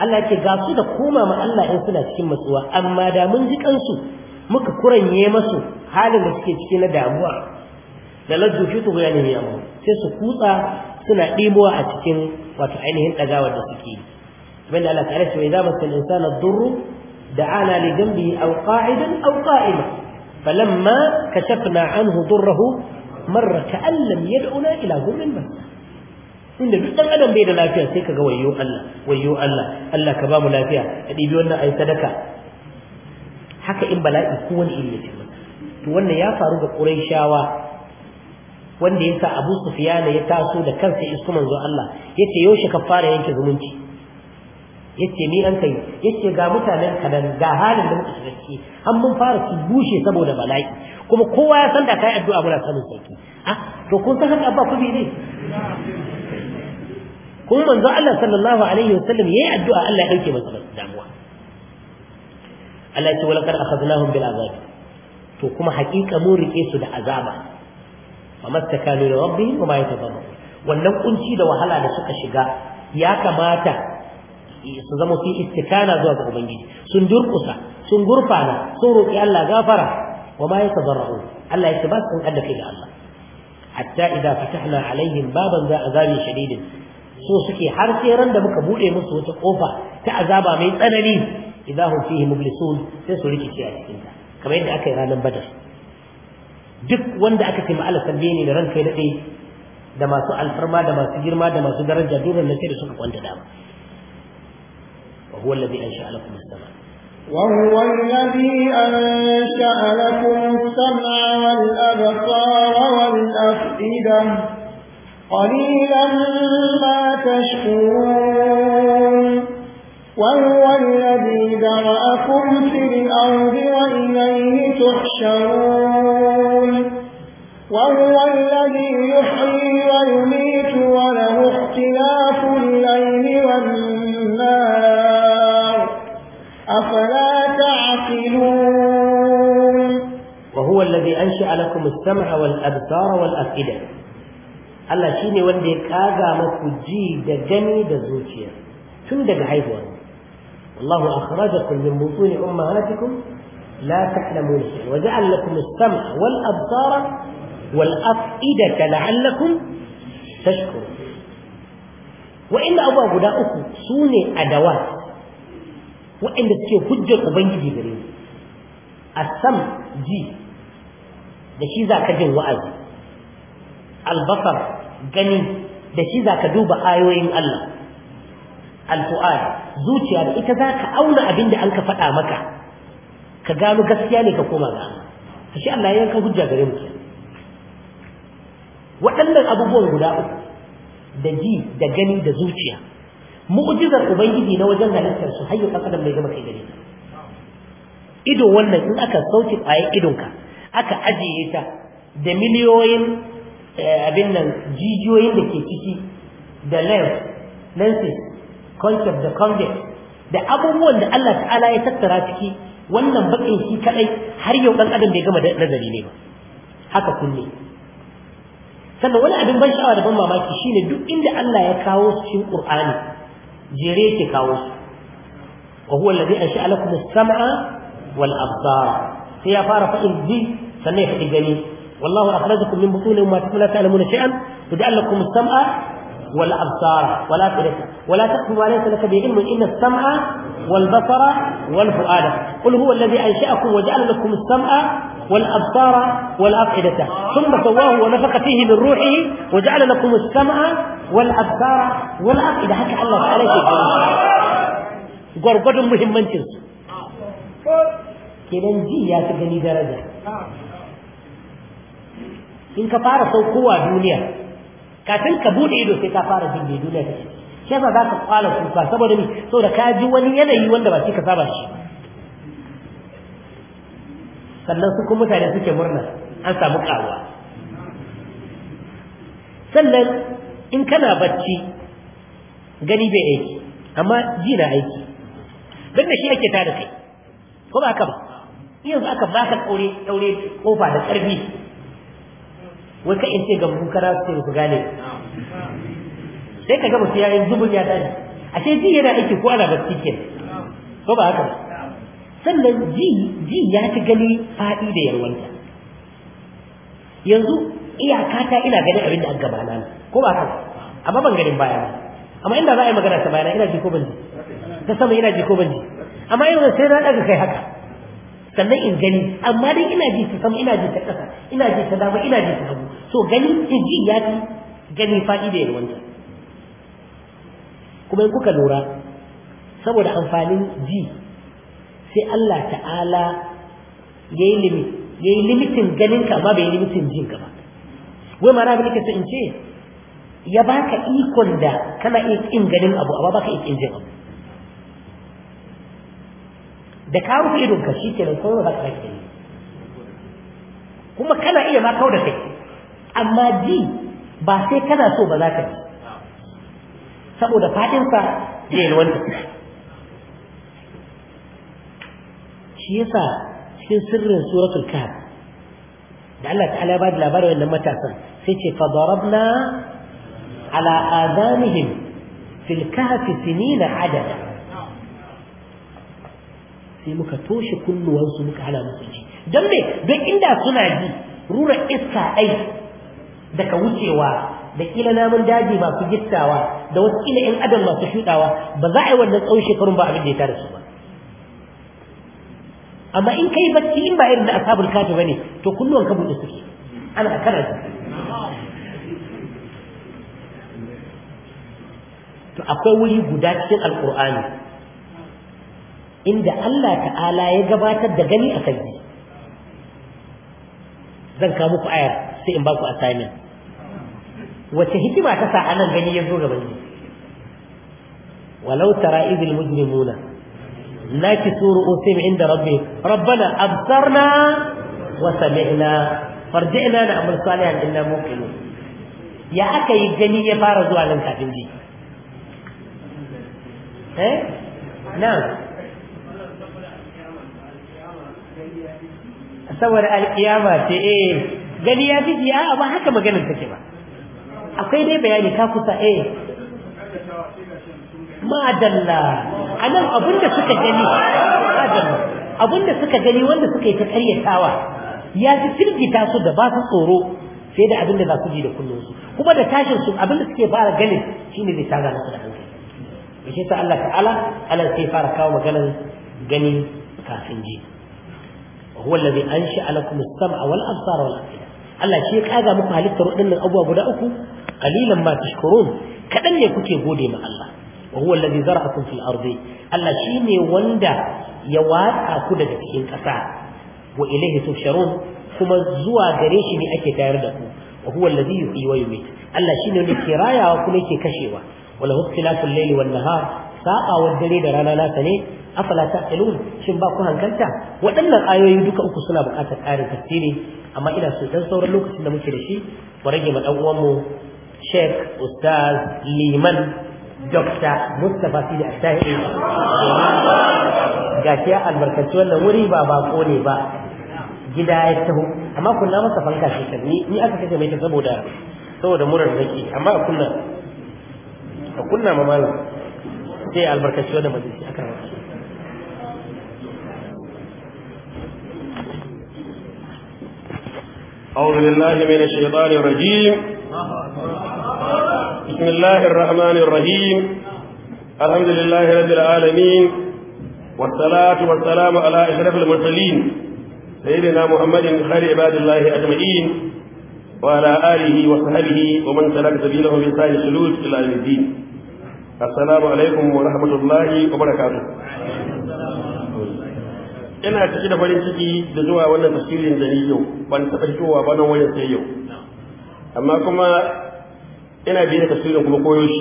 Allah ke gasu da koma ma Allah in suna cikin matsuwa amma da mun ji kansu muka kuranye masu halin da suke cikin na damuwa da laddu fi tuhu yani ya mu sai su kutsa suna ɗibowa a cikin wato ainihin dagawa da suke kamar Allah ta ce wa idza masal insana durru da'ana li jambi aw qa'idan aw qa'ima falamma kashafna anhu durruhu marra ka'an lam yad'una ila ghurrin ba inda duk dan adam bai da lafiya sai kaga wayyo Allah wayyo Allah Allah ka ba mu lafiya ka dibi wannan ay sadaka haka in bala'i ko wani iri ya ci to wannan ya faru ga Qurayshawa wanda yasa Abu Sufyan ya taso da kansa isku manzo Allah yace yaushe ka fara yanke zumunci yace ni an kai yace ga mutanen dan ga halin da muke ciki an mun fara su bushe saboda bala'i kuma kowa ya san da kai addu'a muna samun sauki ah to kun san haka ku bi ne kuma manzo Allah sallallahu alaihi wasallam yayi addu'a Allah ya dauke masa damuwa Allah ce walakar akhadnahum bil azab to kuma haƙiƙa mun rike su da azaba famastakanu li rabbihim wa ma yatadarru wannan kunci da wahala da suka shiga ya kamata su zama su istikana zuwa ga ubangiji sun durkusa sun gurfana sun roƙi Allah gafara wa ma yatadarru Allah ya ce ba su kan kai Allah hatta idza fatahna alaihim baban za azabin shadidin so suke har sai ran da muka bude musu wata kofa ta azaba mai tsanani idan hum fihi mublisun sai su rikice a cikin ta kamar yadda aka yi ranar badar duk wanda aka ce ma'ala sanne ne da ranka ya dade da masu alfarma da masu girma da masu daraja dole na sai da suka kwanta dama wa huwa alladhi ansha'a lakum as-samaa وهو الذي أنشأ لكم السمع والأبصار والأفئدة قليلا ما تشكرون وهو الذي ذرأكم في الأرض وإليه تحشرون وهو الذي يحيي ويميت وله اختلاف الليل والنار أفلا تعقلون وهو الذي أنشأ لكم السمع والأبصار والأفئدة Allah shi ne wanda ya kaga maku ji da gani da zuciya tun daga haihuwa Allahu akhrajakum min butuni ummahatikum la ta'lamun shay wa ja'al lakum as-sam'a wal absara wal af'idata la'allakum tashkurun wa'inda abuwa guda uku sune adawa da suke hujjar ubangiji gare ni as-sam ji da shi za ka jin wa'azi albasar gani da shi za ka duba ayoyin Allah alfu'ad zuciya da ita za ka auna abin da an ka faɗa maka ka gano gaskiya ne ka koma ga Allah shi Allah yanka hujja gare mu waɗannan abubuwan guda uku da ji da gani da zuciya mu'jizar ubangiji na wajen halittar su hayyu kasadan mai gama kai gare ido wannan in aka sauke ayi idonka aka ajiye ta da miliyoyin Eh, abin nan jijiyoyin da ke ciki da lens lenses concept da convex da abubuwan da Allah ta'ala ya tattara ciki wannan bakin shi kadai har yau dan adam bai gama nazari ne ba haka kunne sannan wani abin ban sha'awa da ban mamaki shine duk inda Allah ya kawo su cikin Qur'ani jere yake kawo su wa huwa alladhi ansha'a lakum as-sam'a wal absara sai ya fara fa'in bi sannan ya fadi gani والله أخرجكم من بطون أمهاتكم لا تعلمون شيئا وجعل لكم السمع والأبصار ولا تلك ولا تكتب ما ليس لك بعلم إن السمع والبصر والفؤاد قل هو الذي أنشأكم وجعل لكم السمع والأبصار والأفئدة ثم سواه ونفخ فيه من روحه وجعل لكم السمع والأبصار والأفئدة حكى الله تعالى gwargwadon muhimmancinsu kenan ji ya fi gani daraja in ka fara saukowa duniya kafin ka bude ido sai ka fara jin mai duniya take shi yasa za ka kwala kuka saboda ni saboda ka ji wani yanayi wanda ba shi ka saba shi sannan su kuma mutane suke murna an samu ƙaruwa. sannan in kana bacci gani bai aiki amma ji na aiki don da shi ake tada kai ko ba haka ba yanzu aka ka ɗaure ƙofa da ƙarfi wai ka in ce ga munkara kana su ku gane sai ka ga mutum ya yi zubun ya dani ce ji yana aiki ko ana barci ke ko ba haka ba sannan ji ji ya ci gani faɗi da yarwanta yanzu iyaka ta ina ganin abin da an gaba na ko ba haka amma ban ganin baya amma inda za a yi magana ta bayana ina ji ko ban ji ta sama ina ji ko ban ji amma yau sai na daga kai haka sannan in gani amma dai ina ji ta sama ina ji ta kasa ina ji ta dama ina ji ta hagu so gani ji ya ci gani faɗi da yalwanta kuma in kuka lura saboda amfanin ji sai Allah ta'ala ya yi ya yi limitin ganin ka amma bai yi limitin jin ka ba wai ma na bi nake so in ce ya baka ikon da kana iya kin ganin abu a baka iya kin jin abu da ka rufe idon ka nan ko ba ka kuma kana iya ma kawo da kai amma ji ba sai kana so ba za ka ji saboda fadinsa da wanda. shi yasa cikin sirrin suratul kahf da Allah ta'ala ba da labarin wannan matasan sai ce fa darabna ala adanihim fil kahf sinina adada sai muka toshe kulluwansu muka hana musu ji don me don inda suna ji rura iska ai daga wucewa da kila namun daji masu gittawa da wasu kila in adam masu shuɗawa ba za a yi wannan tsawon shekarun ba abin da ya tare su ba amma in kai bacci in ba irin da ashabul kafi bane to kullum ka bude suke ana kana da to akwai wuri guda cikin alqur'ani inda Allah ta'ala ya gabatar da gani a ji zan kawo muku ayar sai in ba ku assignment wace hikima ta sa anan gani ya zo gaban ji walau tara idil mujrimuna laki suru usim inda rabbi rabbana absarna wa sami'na farji'na na amal salihan inna muqinun ya aka yi gani ya fara zuwa nan kafin ji eh na saboda alkiyama ce eh gani ya fi ji a ba haka maganar take ba akwai dai bayani ka kusa eh madalla anan abinda suka gani madalla abinda suka gani wanda suka yi ta karyatawa ya fi firgita su da ba su tsoro sai da abinda za su ji da kullunsu kuma da tashin su abinda suke fara ganin shine zai taga musu da hankali yace ta Allah ta'ala Allah sai fara kawo maganar gani kafin ji huwa alladhi ansha'a lakum as-sam'a wal absara wal afida Allah shi ya kaza muku halittar waɗannan abubuwa guda uku qalilan ma tashkurun kadan ne kuke gode ma Allah wa huwa allazi zara'akum fil ardi Allah shi ne wanda ya watsa ku daga cikin ƙasa wa ilayhi tusharun kuma zuwa gare shi ne ake tayar da ku wa huwa allazi yuhyi wa yumiit Allah shi ne wanda ke rayawa kuma yake kashewa wala ikhtilaful layli wan nahar sabawar dare da rana nasa ne afala ta'qilun shin ba ku hankalta waɗannan ayoyi duka uku suna buƙatar ƙarin tafsiri amma ina so dan sauran lokacin da muke da shi mu rage ma dan mu Sheikh Ustaz Liman Dr. Mustapha Sidi Attahi ga shi albarkaci wannan wuri ba ba kone ba gida ya taho amma kunna masa fanka shi kan ni ni aka kace mai ta saboda saboda murar zaki, amma kunna a kunna ma mallam sai albarkaci wannan majalisi aka rawa أعوذ بالله من الشيطان الرجيم بسم الله الرحمن الرحيم الحمد لله رب العالمين والصلاة والسلام على أشرف المرسلين سيدنا محمد خير عباد الله أجمعين وعلى آله وصحبه ومن سلك سبيله بإحسان سلوك إلى يوم الدين السلام عليكم ورحمة الله وبركاته ina cike da farin ciki da zuwa wannan tafsirin da ni yau ban taɓa fitowa ba nan wajen sai yau amma kuma ina biye da kuma koyo shi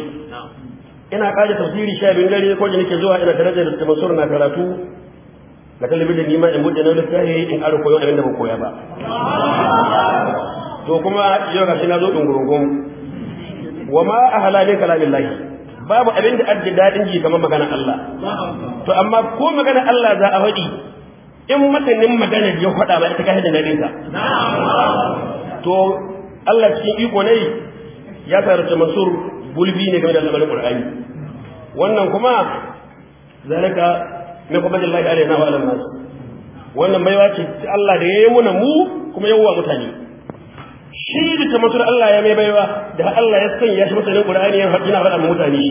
ina kaje tafsiri sha biyun dare ko da nake zuwa ina darajar da tafsir na karatu na kalibin da nima in bude na littafi in ƙara koyon abin da ba koya ba to kuma yau shi na zo dungurungun wa ma a halalin kalamin lahi babu abin da adda dadin ji kamar maganar Allah to amma ko maganar Allah za a faɗi in matanin maganar ya faɗa ba ita kashe da nadinka to Allah cikin iko ne ya tarata masur bulbi ne game da lamarin Qur'ani wannan kuma zalika na kuma Allah ya alaina wa alam nas wannan baiwa ce Allah da yayi muna mu kuma yawa mutane shi da tamattur Allah ya mai baiwa da Allah ya sanya shi mutanen Qur'ani ya haɗu na faɗa mutane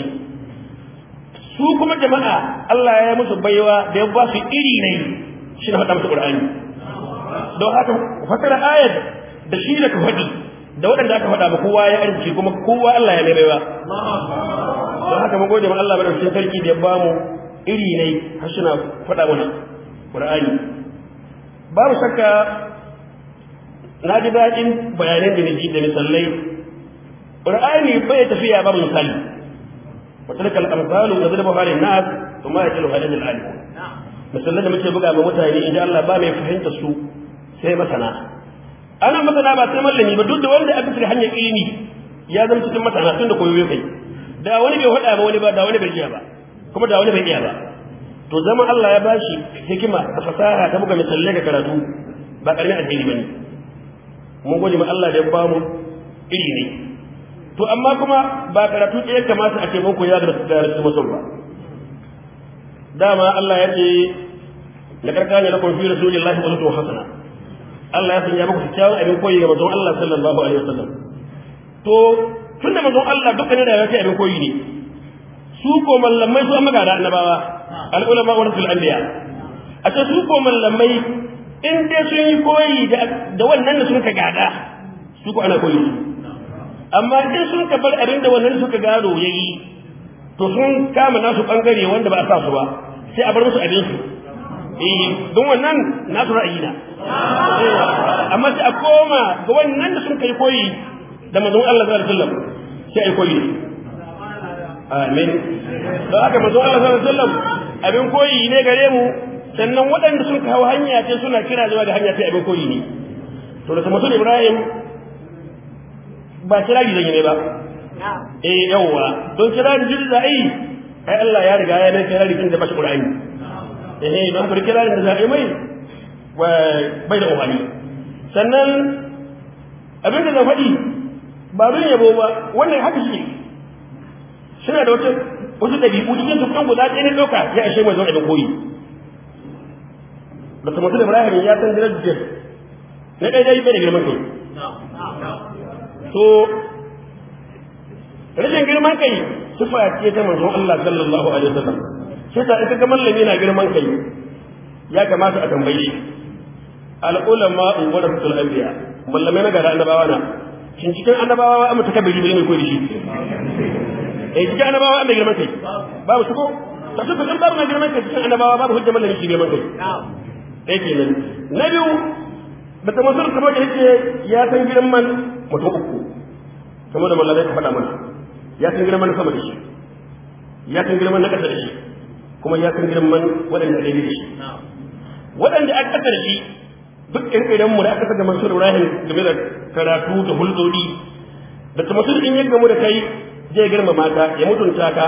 su kuma jama'a Allah ya yi musu baiwa da ya ba su iri ne shi na faɗa masa qur'ani don haka fasara ayar da shi da ka faɗi da waɗanda aka faɗa ba kowa ya arziki kuma kowa Allah ya mai ba don haka mun gode ma Allah bada shi sarki da ya bamu iri ne har shi na faɗa mana qur'ani babu shakka na ji daɗin bayanan da nake da misalai qur'ani bai tafiya ba misali wa tilkal amsalu yadribuha lin nas thumma yajiluha lil alim misalin da muke buga ma mutane idan Allah ba mai fahimta su sai masana ana masana ba sai mallami ba duk da wanda aka fi hanyar ilimi ya zama cikin masana tun da koyo kai da wani bai faɗa ba wani ba da wani bai iya ba kuma da wani bai iya ba to zama Allah ya bashi hikima da fasaha ta buga misalai ga karatu ba ƙarfin addini bane mun gode ma Allah da ya ba mu ilimi to amma kuma ba karatu ɗaya kamata a ce mun koya da rasu musulma ba dama Allah ya ce da karkana lakum fi rasulillahi uswatun hasana Allah ya sanya muku kyawun abin koyi ga manzon Allah sallallahu alaihi wasallam to tun da manzon Allah dukkanin da ya kai abin koyi ne su ko mallamai su an da annabawa al-ulama wa rasul anbiya a ce su ko mallamai in dai sun yi koyi da wannan da suka gada su ko ana koyi amma in sun ka bar abin da wannan suka gado yayi to sun kama nasu bangare wanda ba a sa su ba sai a bar musu abin su eh don wannan nasu ra'ayi na amma sai a koma ga wannan da sun kai koyi da manzon Allah sallallahu alaihi wasallam sai ai koyi amin don haka manzon Allah sallallahu alaihi wasallam abin koyi ne gare mu sannan waɗanda sun kawo hanya ce suna kira zuwa ga hanya sai abin koyi ne to da mutum Ibrahim ba kirari zan yi ne ba eh yawa don jiri ai Allah ya riga ya nan da bashi Qur'ani eh don da bai da sannan abin da faɗi ba bin yabo ba wannan haka shi suna da wata wasu cikin dukkan guda ɗaya na ya ashe mai zaune da koyi da kuma Ibrahim ya san darajar na ɗaya bai da girman kai to rashin girman kai sifa ce ta manzo Allah sallallahu alaihi wasallam sai ta ita ga mallami na girman kai ya kamata a tambaye al-ulama wa rabbul anbiya mallamai na gara annabawa na shin cikin annabawa an mutu bari ne ko dishi eh cikin annabawa an da girman kai babu su ko ta su kan babu na girman kai cikin annabawa babu hujja mallami shi girman kai eh kenan na biyu mutum sun kamar da ya san girman mutum uku kamar da mallamai ka faɗa mana ya san girman sama da shi ya san girman na ƙasa da shi kuma ya san girman waɗanda daidai da shi waɗanda aka ƙasar da shi duk ƴan ƙiran mu da aka saka masu Ibrahim game da karatu da hulɗoɗi da ta masu in yadda mu da kai zai girma mata ya mutunta ka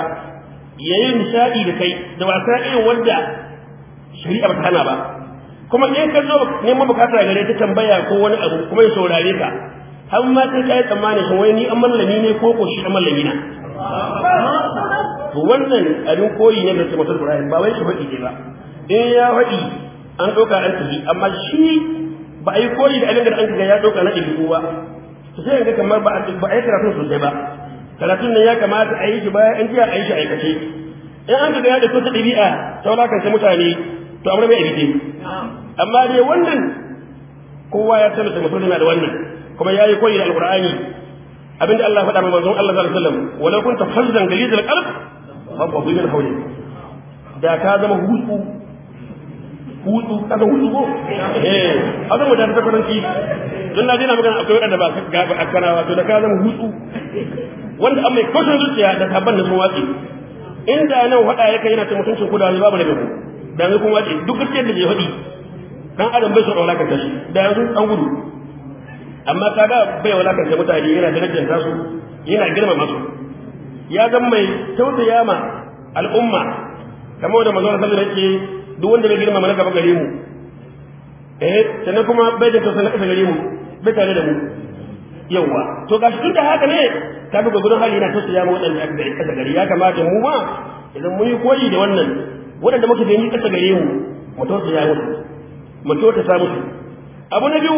ya yi nishaɗi da kai da wasa irin wanda shari'a ba ta hana ba kuma in ka zo neman bukata gare ta tambaya ko wani abu kuma ya saurare ka har ma sai kai tsammanin shi wai ni an mallami ne ko ko shi an mallami na to wannan abin koyi ne da tabbatar Ibrahim ba wai shi faɗi ba in eh, ya faɗi an ɗauka an tafi amma shi ba a yi koyi da abin da an ga ya ɗauka na ɗin ba to sai ga kamar ba a yi karatun sosai ba karatun nan ya kamata a yi shi ba an jiya a yi shi aikace in an ga ya da kusa ɗabi'a saura kan sai mutane to amma mai abin amma dai wannan kowa ya tabbata mutum na da wannan kuma yi koyi da alqur'ani abinda Allah faɗa mai manzon Allah sallallahu alaihi wasallam walau kunta fazzan galizal qalb faqwa min hawlik da ka zama hutu hutu kaga hutu ko eh azan mu da ta faranci don na dina magana akwai wanda ba ga ba akana to da ka zama hutu wanda an mai kaushin zuciya da tabban da sun watsi inda nan hada yake yana ta mutuncin ku da wani babu da ku da kun watsi duk gaskiyar da ke faɗi dan adam bai so daura ka shi da yanzu an gudu amma kaga bai walakanta mutane yana darajanta su yana girmama su ya zama mai tausaya ma al'umma kamar da manzon sallallahu alaihi wasallam yake duk wanda bai girmama na gaba gare mu eh sannan kuma bai da tausayi na gare mu bai tare da mu yawa to ga shi da haka ne ta bi gudun hali yana tausaya ma waɗanda aka gari kasa gari ya kamata mu ma idan mun yi koyi da wannan waɗanda muka gani kasa gare mu mu tausaya mu mu kyautata musu abu na biyu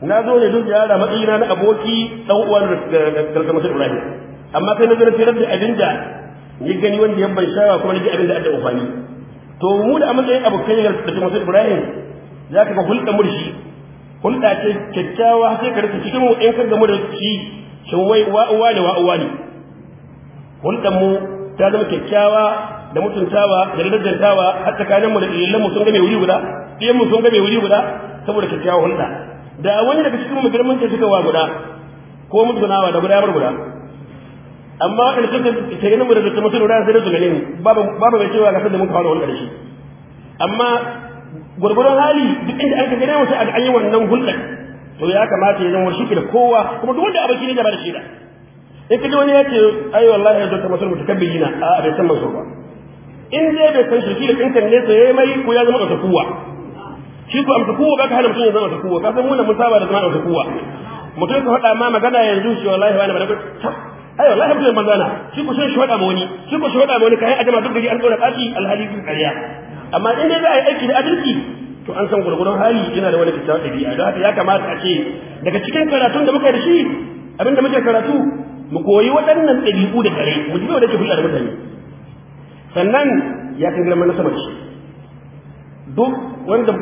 na zo ne don ziyara matsayina na aboki dan uwan masu ibrahim amma sai na zo na tirar da abin da ya gani wanda ya bai shawa kuma na ji abin da ake amfani to mu da sai abokan da masu ibrahim za ka ga hulɗa murshi hulɗa ce kyakkyawa sai ka rufe cikin mu in ka gamu da shi shin wai uwa ne uwa ne hulɗa mu ta zama kyakkyawa da mutuntawa da darajantawa har mu da iyalanmu sun ga mai wuri guda mu sun ga mai wuri guda saboda kyakkyawa hulɗa da wani daga cikin mu girman suka wa guda ko wa da guda bar guda amma waɗanda ta tsaye mu da ta mutu ran sai da zugane babu babu mai cewa ga da mun fara wani shi amma gurgurun hali duk inda an gane wasu a an wannan hulɗar to ya kamata ya zama shi da kowa kuma duk wanda abaki da ba da shi da in kaji wani ya ce ai wallahi ya zo ta kabbi mutakabbirina a bai san manzo ba in dai bai san shirki da nesa ne sai mai ko ya zama da kuwa shi ku amsa kuwa ba ka hana mutum ya zama ta kuwa ka san mu mun saba da zama ta kuwa mutum ka faɗa ma magana yanzu shi wallahi wani ba ai wallahi mutum magana shi ku sun shi faɗa ma wani shi ku shi faɗa ma wani kayan ajama duk gari an ɗora kashi alhali bin ƙarya amma in dai za a yi aiki da adalci to an san gurgurun hali yana da wani kyakkyawar ɗabi'a don haka ya kamata a ce daga cikin karatun da muka yi da shi abinda muke karatu mu koyi waɗannan ɗabi'u da kare mu ji da ke hulɗa da mutane sannan ya kai girman nasabar shi duk wanda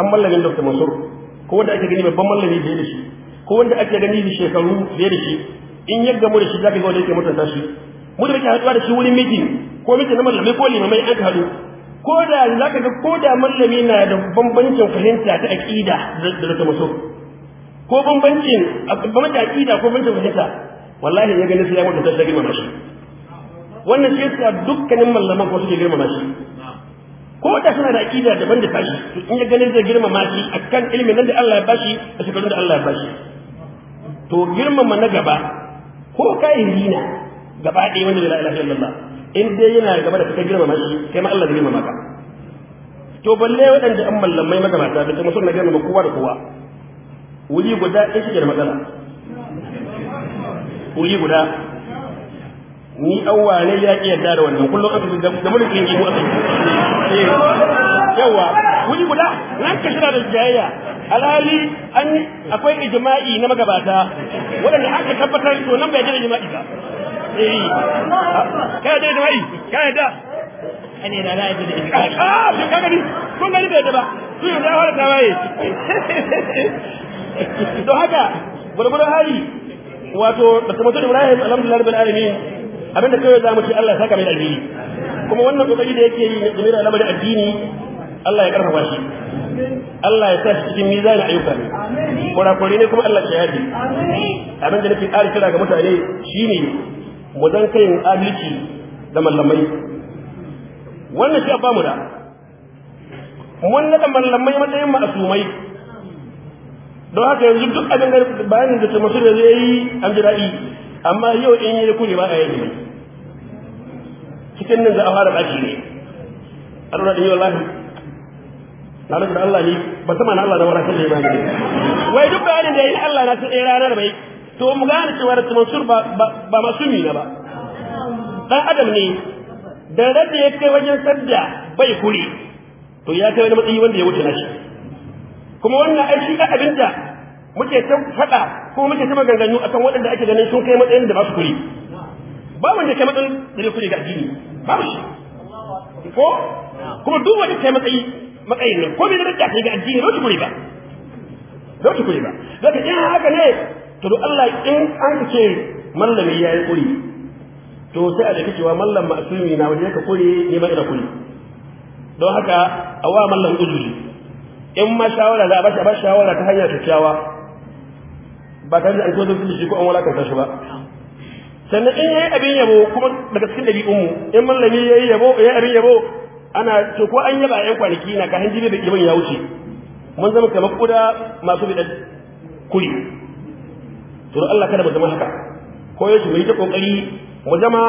an mallamin dr masur ko wanda ake gani babban mallami da da shi ko wanda ake gani da shekaru da da shi in ya gamu da shi zaka ga wanda yake mutunta shi mu da kake haɗuwa da shi wurin miki ko miki na mallami ko limamai an haɗu ko da zaka ga ko da mallami na da bambancin fahimta ta aqida da dr masur ko bambancin bambancin aqida ko bambancin fahimta wallahi ya gani sai ya mutunta shi girmama shi wannan shi yasa dukkanin mallaman ko suke girmama shi ko da suna da aqida daban da tashi to in ya ganin zai girmama shi akan ilimin nan da Allah ya bashi a shekarun da Allah ya bashi to girmama na gaba ko kahiri na gaba ɗaya wanda la ilaha illallah in dai yana gaba da kai girmama shi kai ma Allah zai girmama ka to balle waɗanda an mallamai magabata da kuma suna girmama kowa da kowa wuri guda ɗaya shi da matsala wuri guda ni an ya ƙi yarda da wannan kullum aka da mulkin ibu aka yi Eh, yawa wuri guda ranka shi da jayayya alhali an akwai ijma'i na magabata waɗanda aka tabbatar to nan bai da ijma'i ba eh kai da ijma'i kai da ane da ra'ayi da ijma'i ah shi ah, kaga ni kun gani bai da ba su yau da fara tawaye to haka gurgurun hali wato da kuma Ibrahim alhamdulillah rabbil alamin abinda kai za mu ci Allah ya saka mai alheri kuma wannan kokari da yake yi game da lamarin addini Allah ya karfafa shi Allah ya sa shi cikin mizanin ayyuka kurakuri ne kuma Allah ya yaji abin da nake ƙara kira ga mutane shine mu dan kai adalci da mallamai wannan shi ba mu da mun da mallamai matsayin ma'asumai don haka yanzu duk abin da bayanin da su masu da zai yi an jira'i amma yau in yi kuri ba a yi cikin nan za a fara bashi ne an da yi wallahi na rufe da Allah ne ba sama na Allah da wara kallai ba ne wai duk bayanin da ya yi Allah na sun ɗaya ranar bai to mu gane cewa da Mansur ba masumi na ba dan adam ne da rada ya kai wajen sadda bai kuri, to ya kai wani matsayi wanda ya wuce na shi kuma wannan ai shi abin da muke ta faɗa ko muke ta maganganu akan waɗanda ake ganin sun kai matsayin da ba su kuri. ba wanda ke matsayin da kuri ga addini ba shi ko kuma duk wanda ke matsayi matsayin nan ko bai da kai ga addini lokaci kuri ba lokaci kuri ba zaka in haka ne to Allah in an ce mallami yi kuri to sai a dace cewa mallam ma'asumi na waje ka kuri ne ba da kuri don haka awa mallam uzuri in ma shawara za a ba shawara ta hanya kyakkyawa ba tare da an zo da shi ko an wala kan shi ba sannan in yayi abin yabo kuma daga cikin mu in mallami yayi yabo yayi abin yabo ana to ko an yaba yan kwanaki na ka hanjiri da ibn ya wuce mun zama kamar kuda masu bidan kuri to Allah kada mu zama haka ko yace mu yi ta kokari mu zama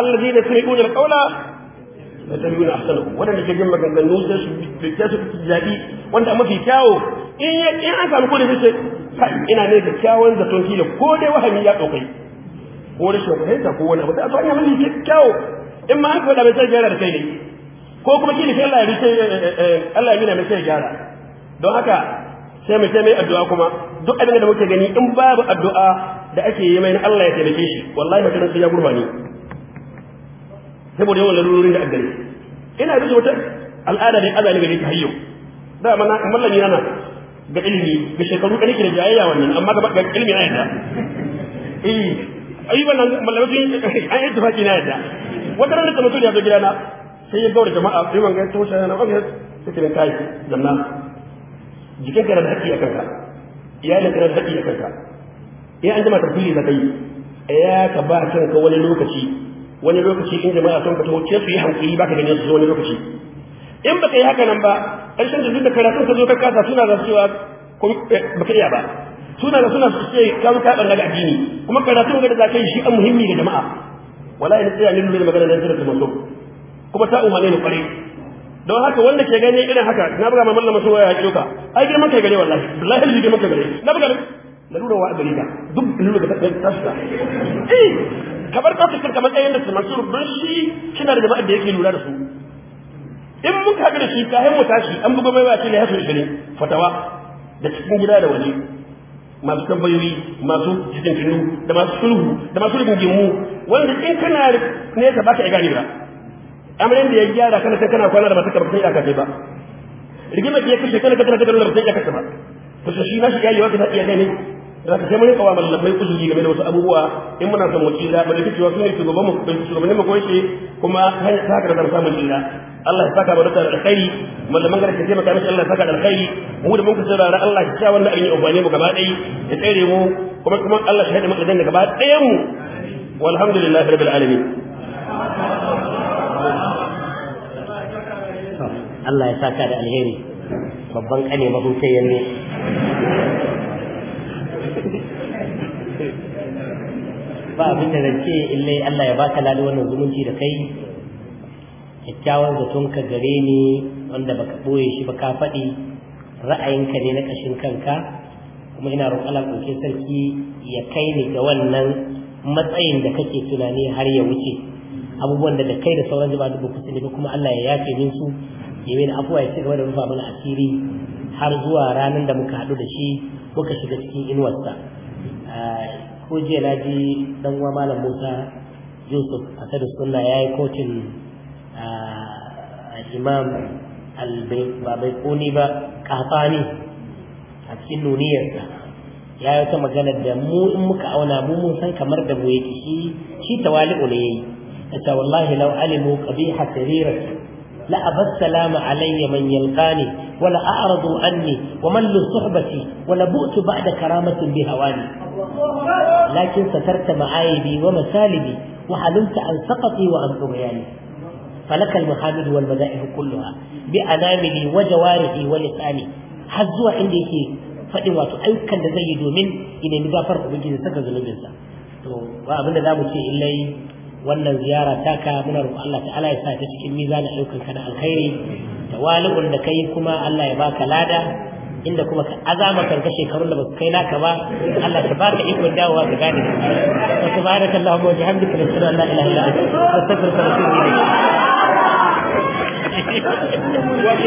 alladhina yasmi'una al-qawla wa yattabi'una ahsanahu wanda ke jin maganganu da su da su jabi wanda mafi kyawo in in an samu kudi sai ina ne da kyawun zaton kila ko dai wahami ya daukai ko wani shugabanta ko wani abu sai a so an yi abin da in ma an kawo da bai sai gyara da kai ne ko kuma kila sai Allah ya rike eh, eh, eh, Allah ya nuna mai sai gyara don haka sai mai sai mai addu'a kuma duk abin da muke gani in babu addu'a da ake yi mai Allah ya taimake shi wallahi mutum sai ya gurbani saboda yawan lalurorin da addare ina da wata al'ada da Allah ne gare ta hayyo da mana mallami yana ga ilimi ga shekaru da nake da jayayya wannan amma ga ilimi na yadda eh ayyuban nan mallamin an yi tafaki na yadda wata ranar da mutum ya zo gidana sai ya gaura jama'a sai man ga ta wuce na ɓangare sai kiran kai zanna jikin ka da haƙƙi a kanka iyalin ka da haƙƙi a kanka in an jama'a ta za ka yi ya ka ba kanka wani lokaci wani lokaci in jama'a sun fito ce su yi hankali ba ka gani su wani lokaci in ba ka yi haka nan ba ƙarshen da duk da karatun ka zo ka kasa suna da cewa eh, ba ka iya ba suna da suna suke kawo ka zo ka addini kuma karatu ga da zakai shi an muhimmi ga jama'a wallahi ni tsaya ne magana da kuma so kuma ta umarne ni kwarai don haka wanda ke gani irin haka na buga ma mallama sun waya hakiyo ka ai girma kai gare wallahi wallahi ni girma kai gare na buga lura wa gare ka duk lalura eh, ka ta ta eh kamar ka fitar kamar ɗayan da su masu don shi kina da jama'a da yake lura da su in muka haɗu da shi kayan mu tashi an buga mai wa ce ne hasu shi ne fatawa da cikin gida da waje masu tambayoyi masu jikin da masu sulhu da masu gimu wanda in kana ne ba ka iya gani ba amarin da ya gyara kana kana kwana da masu karfin ya kai ba rigimar da ya kashe kana kana kana da ya iyaka ba to shi na shi yi wata iya gani. za sai mun kawo malamai uzuri game da wasu abubuwa in muna son mu ba da kace wasu ne shugaban mu shugaban mu koyi shi kuma hanya ta haka da zan samu jinna Allah ya saka barka da alkhairi malaman garka kace maka mishi Allah ya saka da alkhairi mu da mun ku saurara Allah ya sa wannan ayi ubane mu gaba dai ya tsare mu kuma kuma Allah ya hada mu da gaba ɗayan mu walhamdulillah. rabbil alamin Allah ya saka da alheri babban kane mahusayen ne ba abin da zance illai Allah ya baka lalu wannan zumunci da kai kyakkyawan zaton ka gare ni wanda baka boye shi ba ka faɗi ra'ayinka ne na ƙashin kanka kuma ina roƙon Allah sarki ya kai ni ga wannan matsayin da kake tunani har ya wuce abubuwan da da kai da sauran jama'a duk ba ne kuma Allah ya yafe min su ya yi afuwa ya ci gaba da rufa mana asiri har zuwa ranar da muka haɗu da shi muka shiga cikin inuwarsa ah, ko jiya na ji dan uwa malam Musa Yusuf Asad Sunna yayi kotun Imam Al-Bai ba bai kuni ba kafani a cikin nuniyarsa ya yi ta magana da mu in muka auna mu mun san kamar da mu yake shi shi tawali'u ne yayi ta wallahi law alimu qabiha sarirati لأبى السلام علي من يلقاني ولا أعرض عني ومل صحبتي ولا بؤت بعد كرامة بهواني لكن سترت معايبي ومسالبي وحلمت عن سقطي وعن طغياني فلك المحامد والمدائح كلها بأناملي وجوارحي ولساني حزوا عندي كي faɗin wato ayyukan da zai yi domin ina ni gafar ubangiji saka zunubinsa to ba abin da za mu ce illai wannan ziyara taka muna roƙon Allah ta'ala ya sa ta cikin mizanin ayyukanka na alkhairi tawali'un da kai kuma Allah ya baka lada inda kuma ka azama karka shekarun da ba su kai naka ba Allah ta baka ikon dawowa ka gane ka wa subhanaka allahumma wa bihamdika nashhadu an la ilaha illa anta astaghfiruka wa atubu ilayk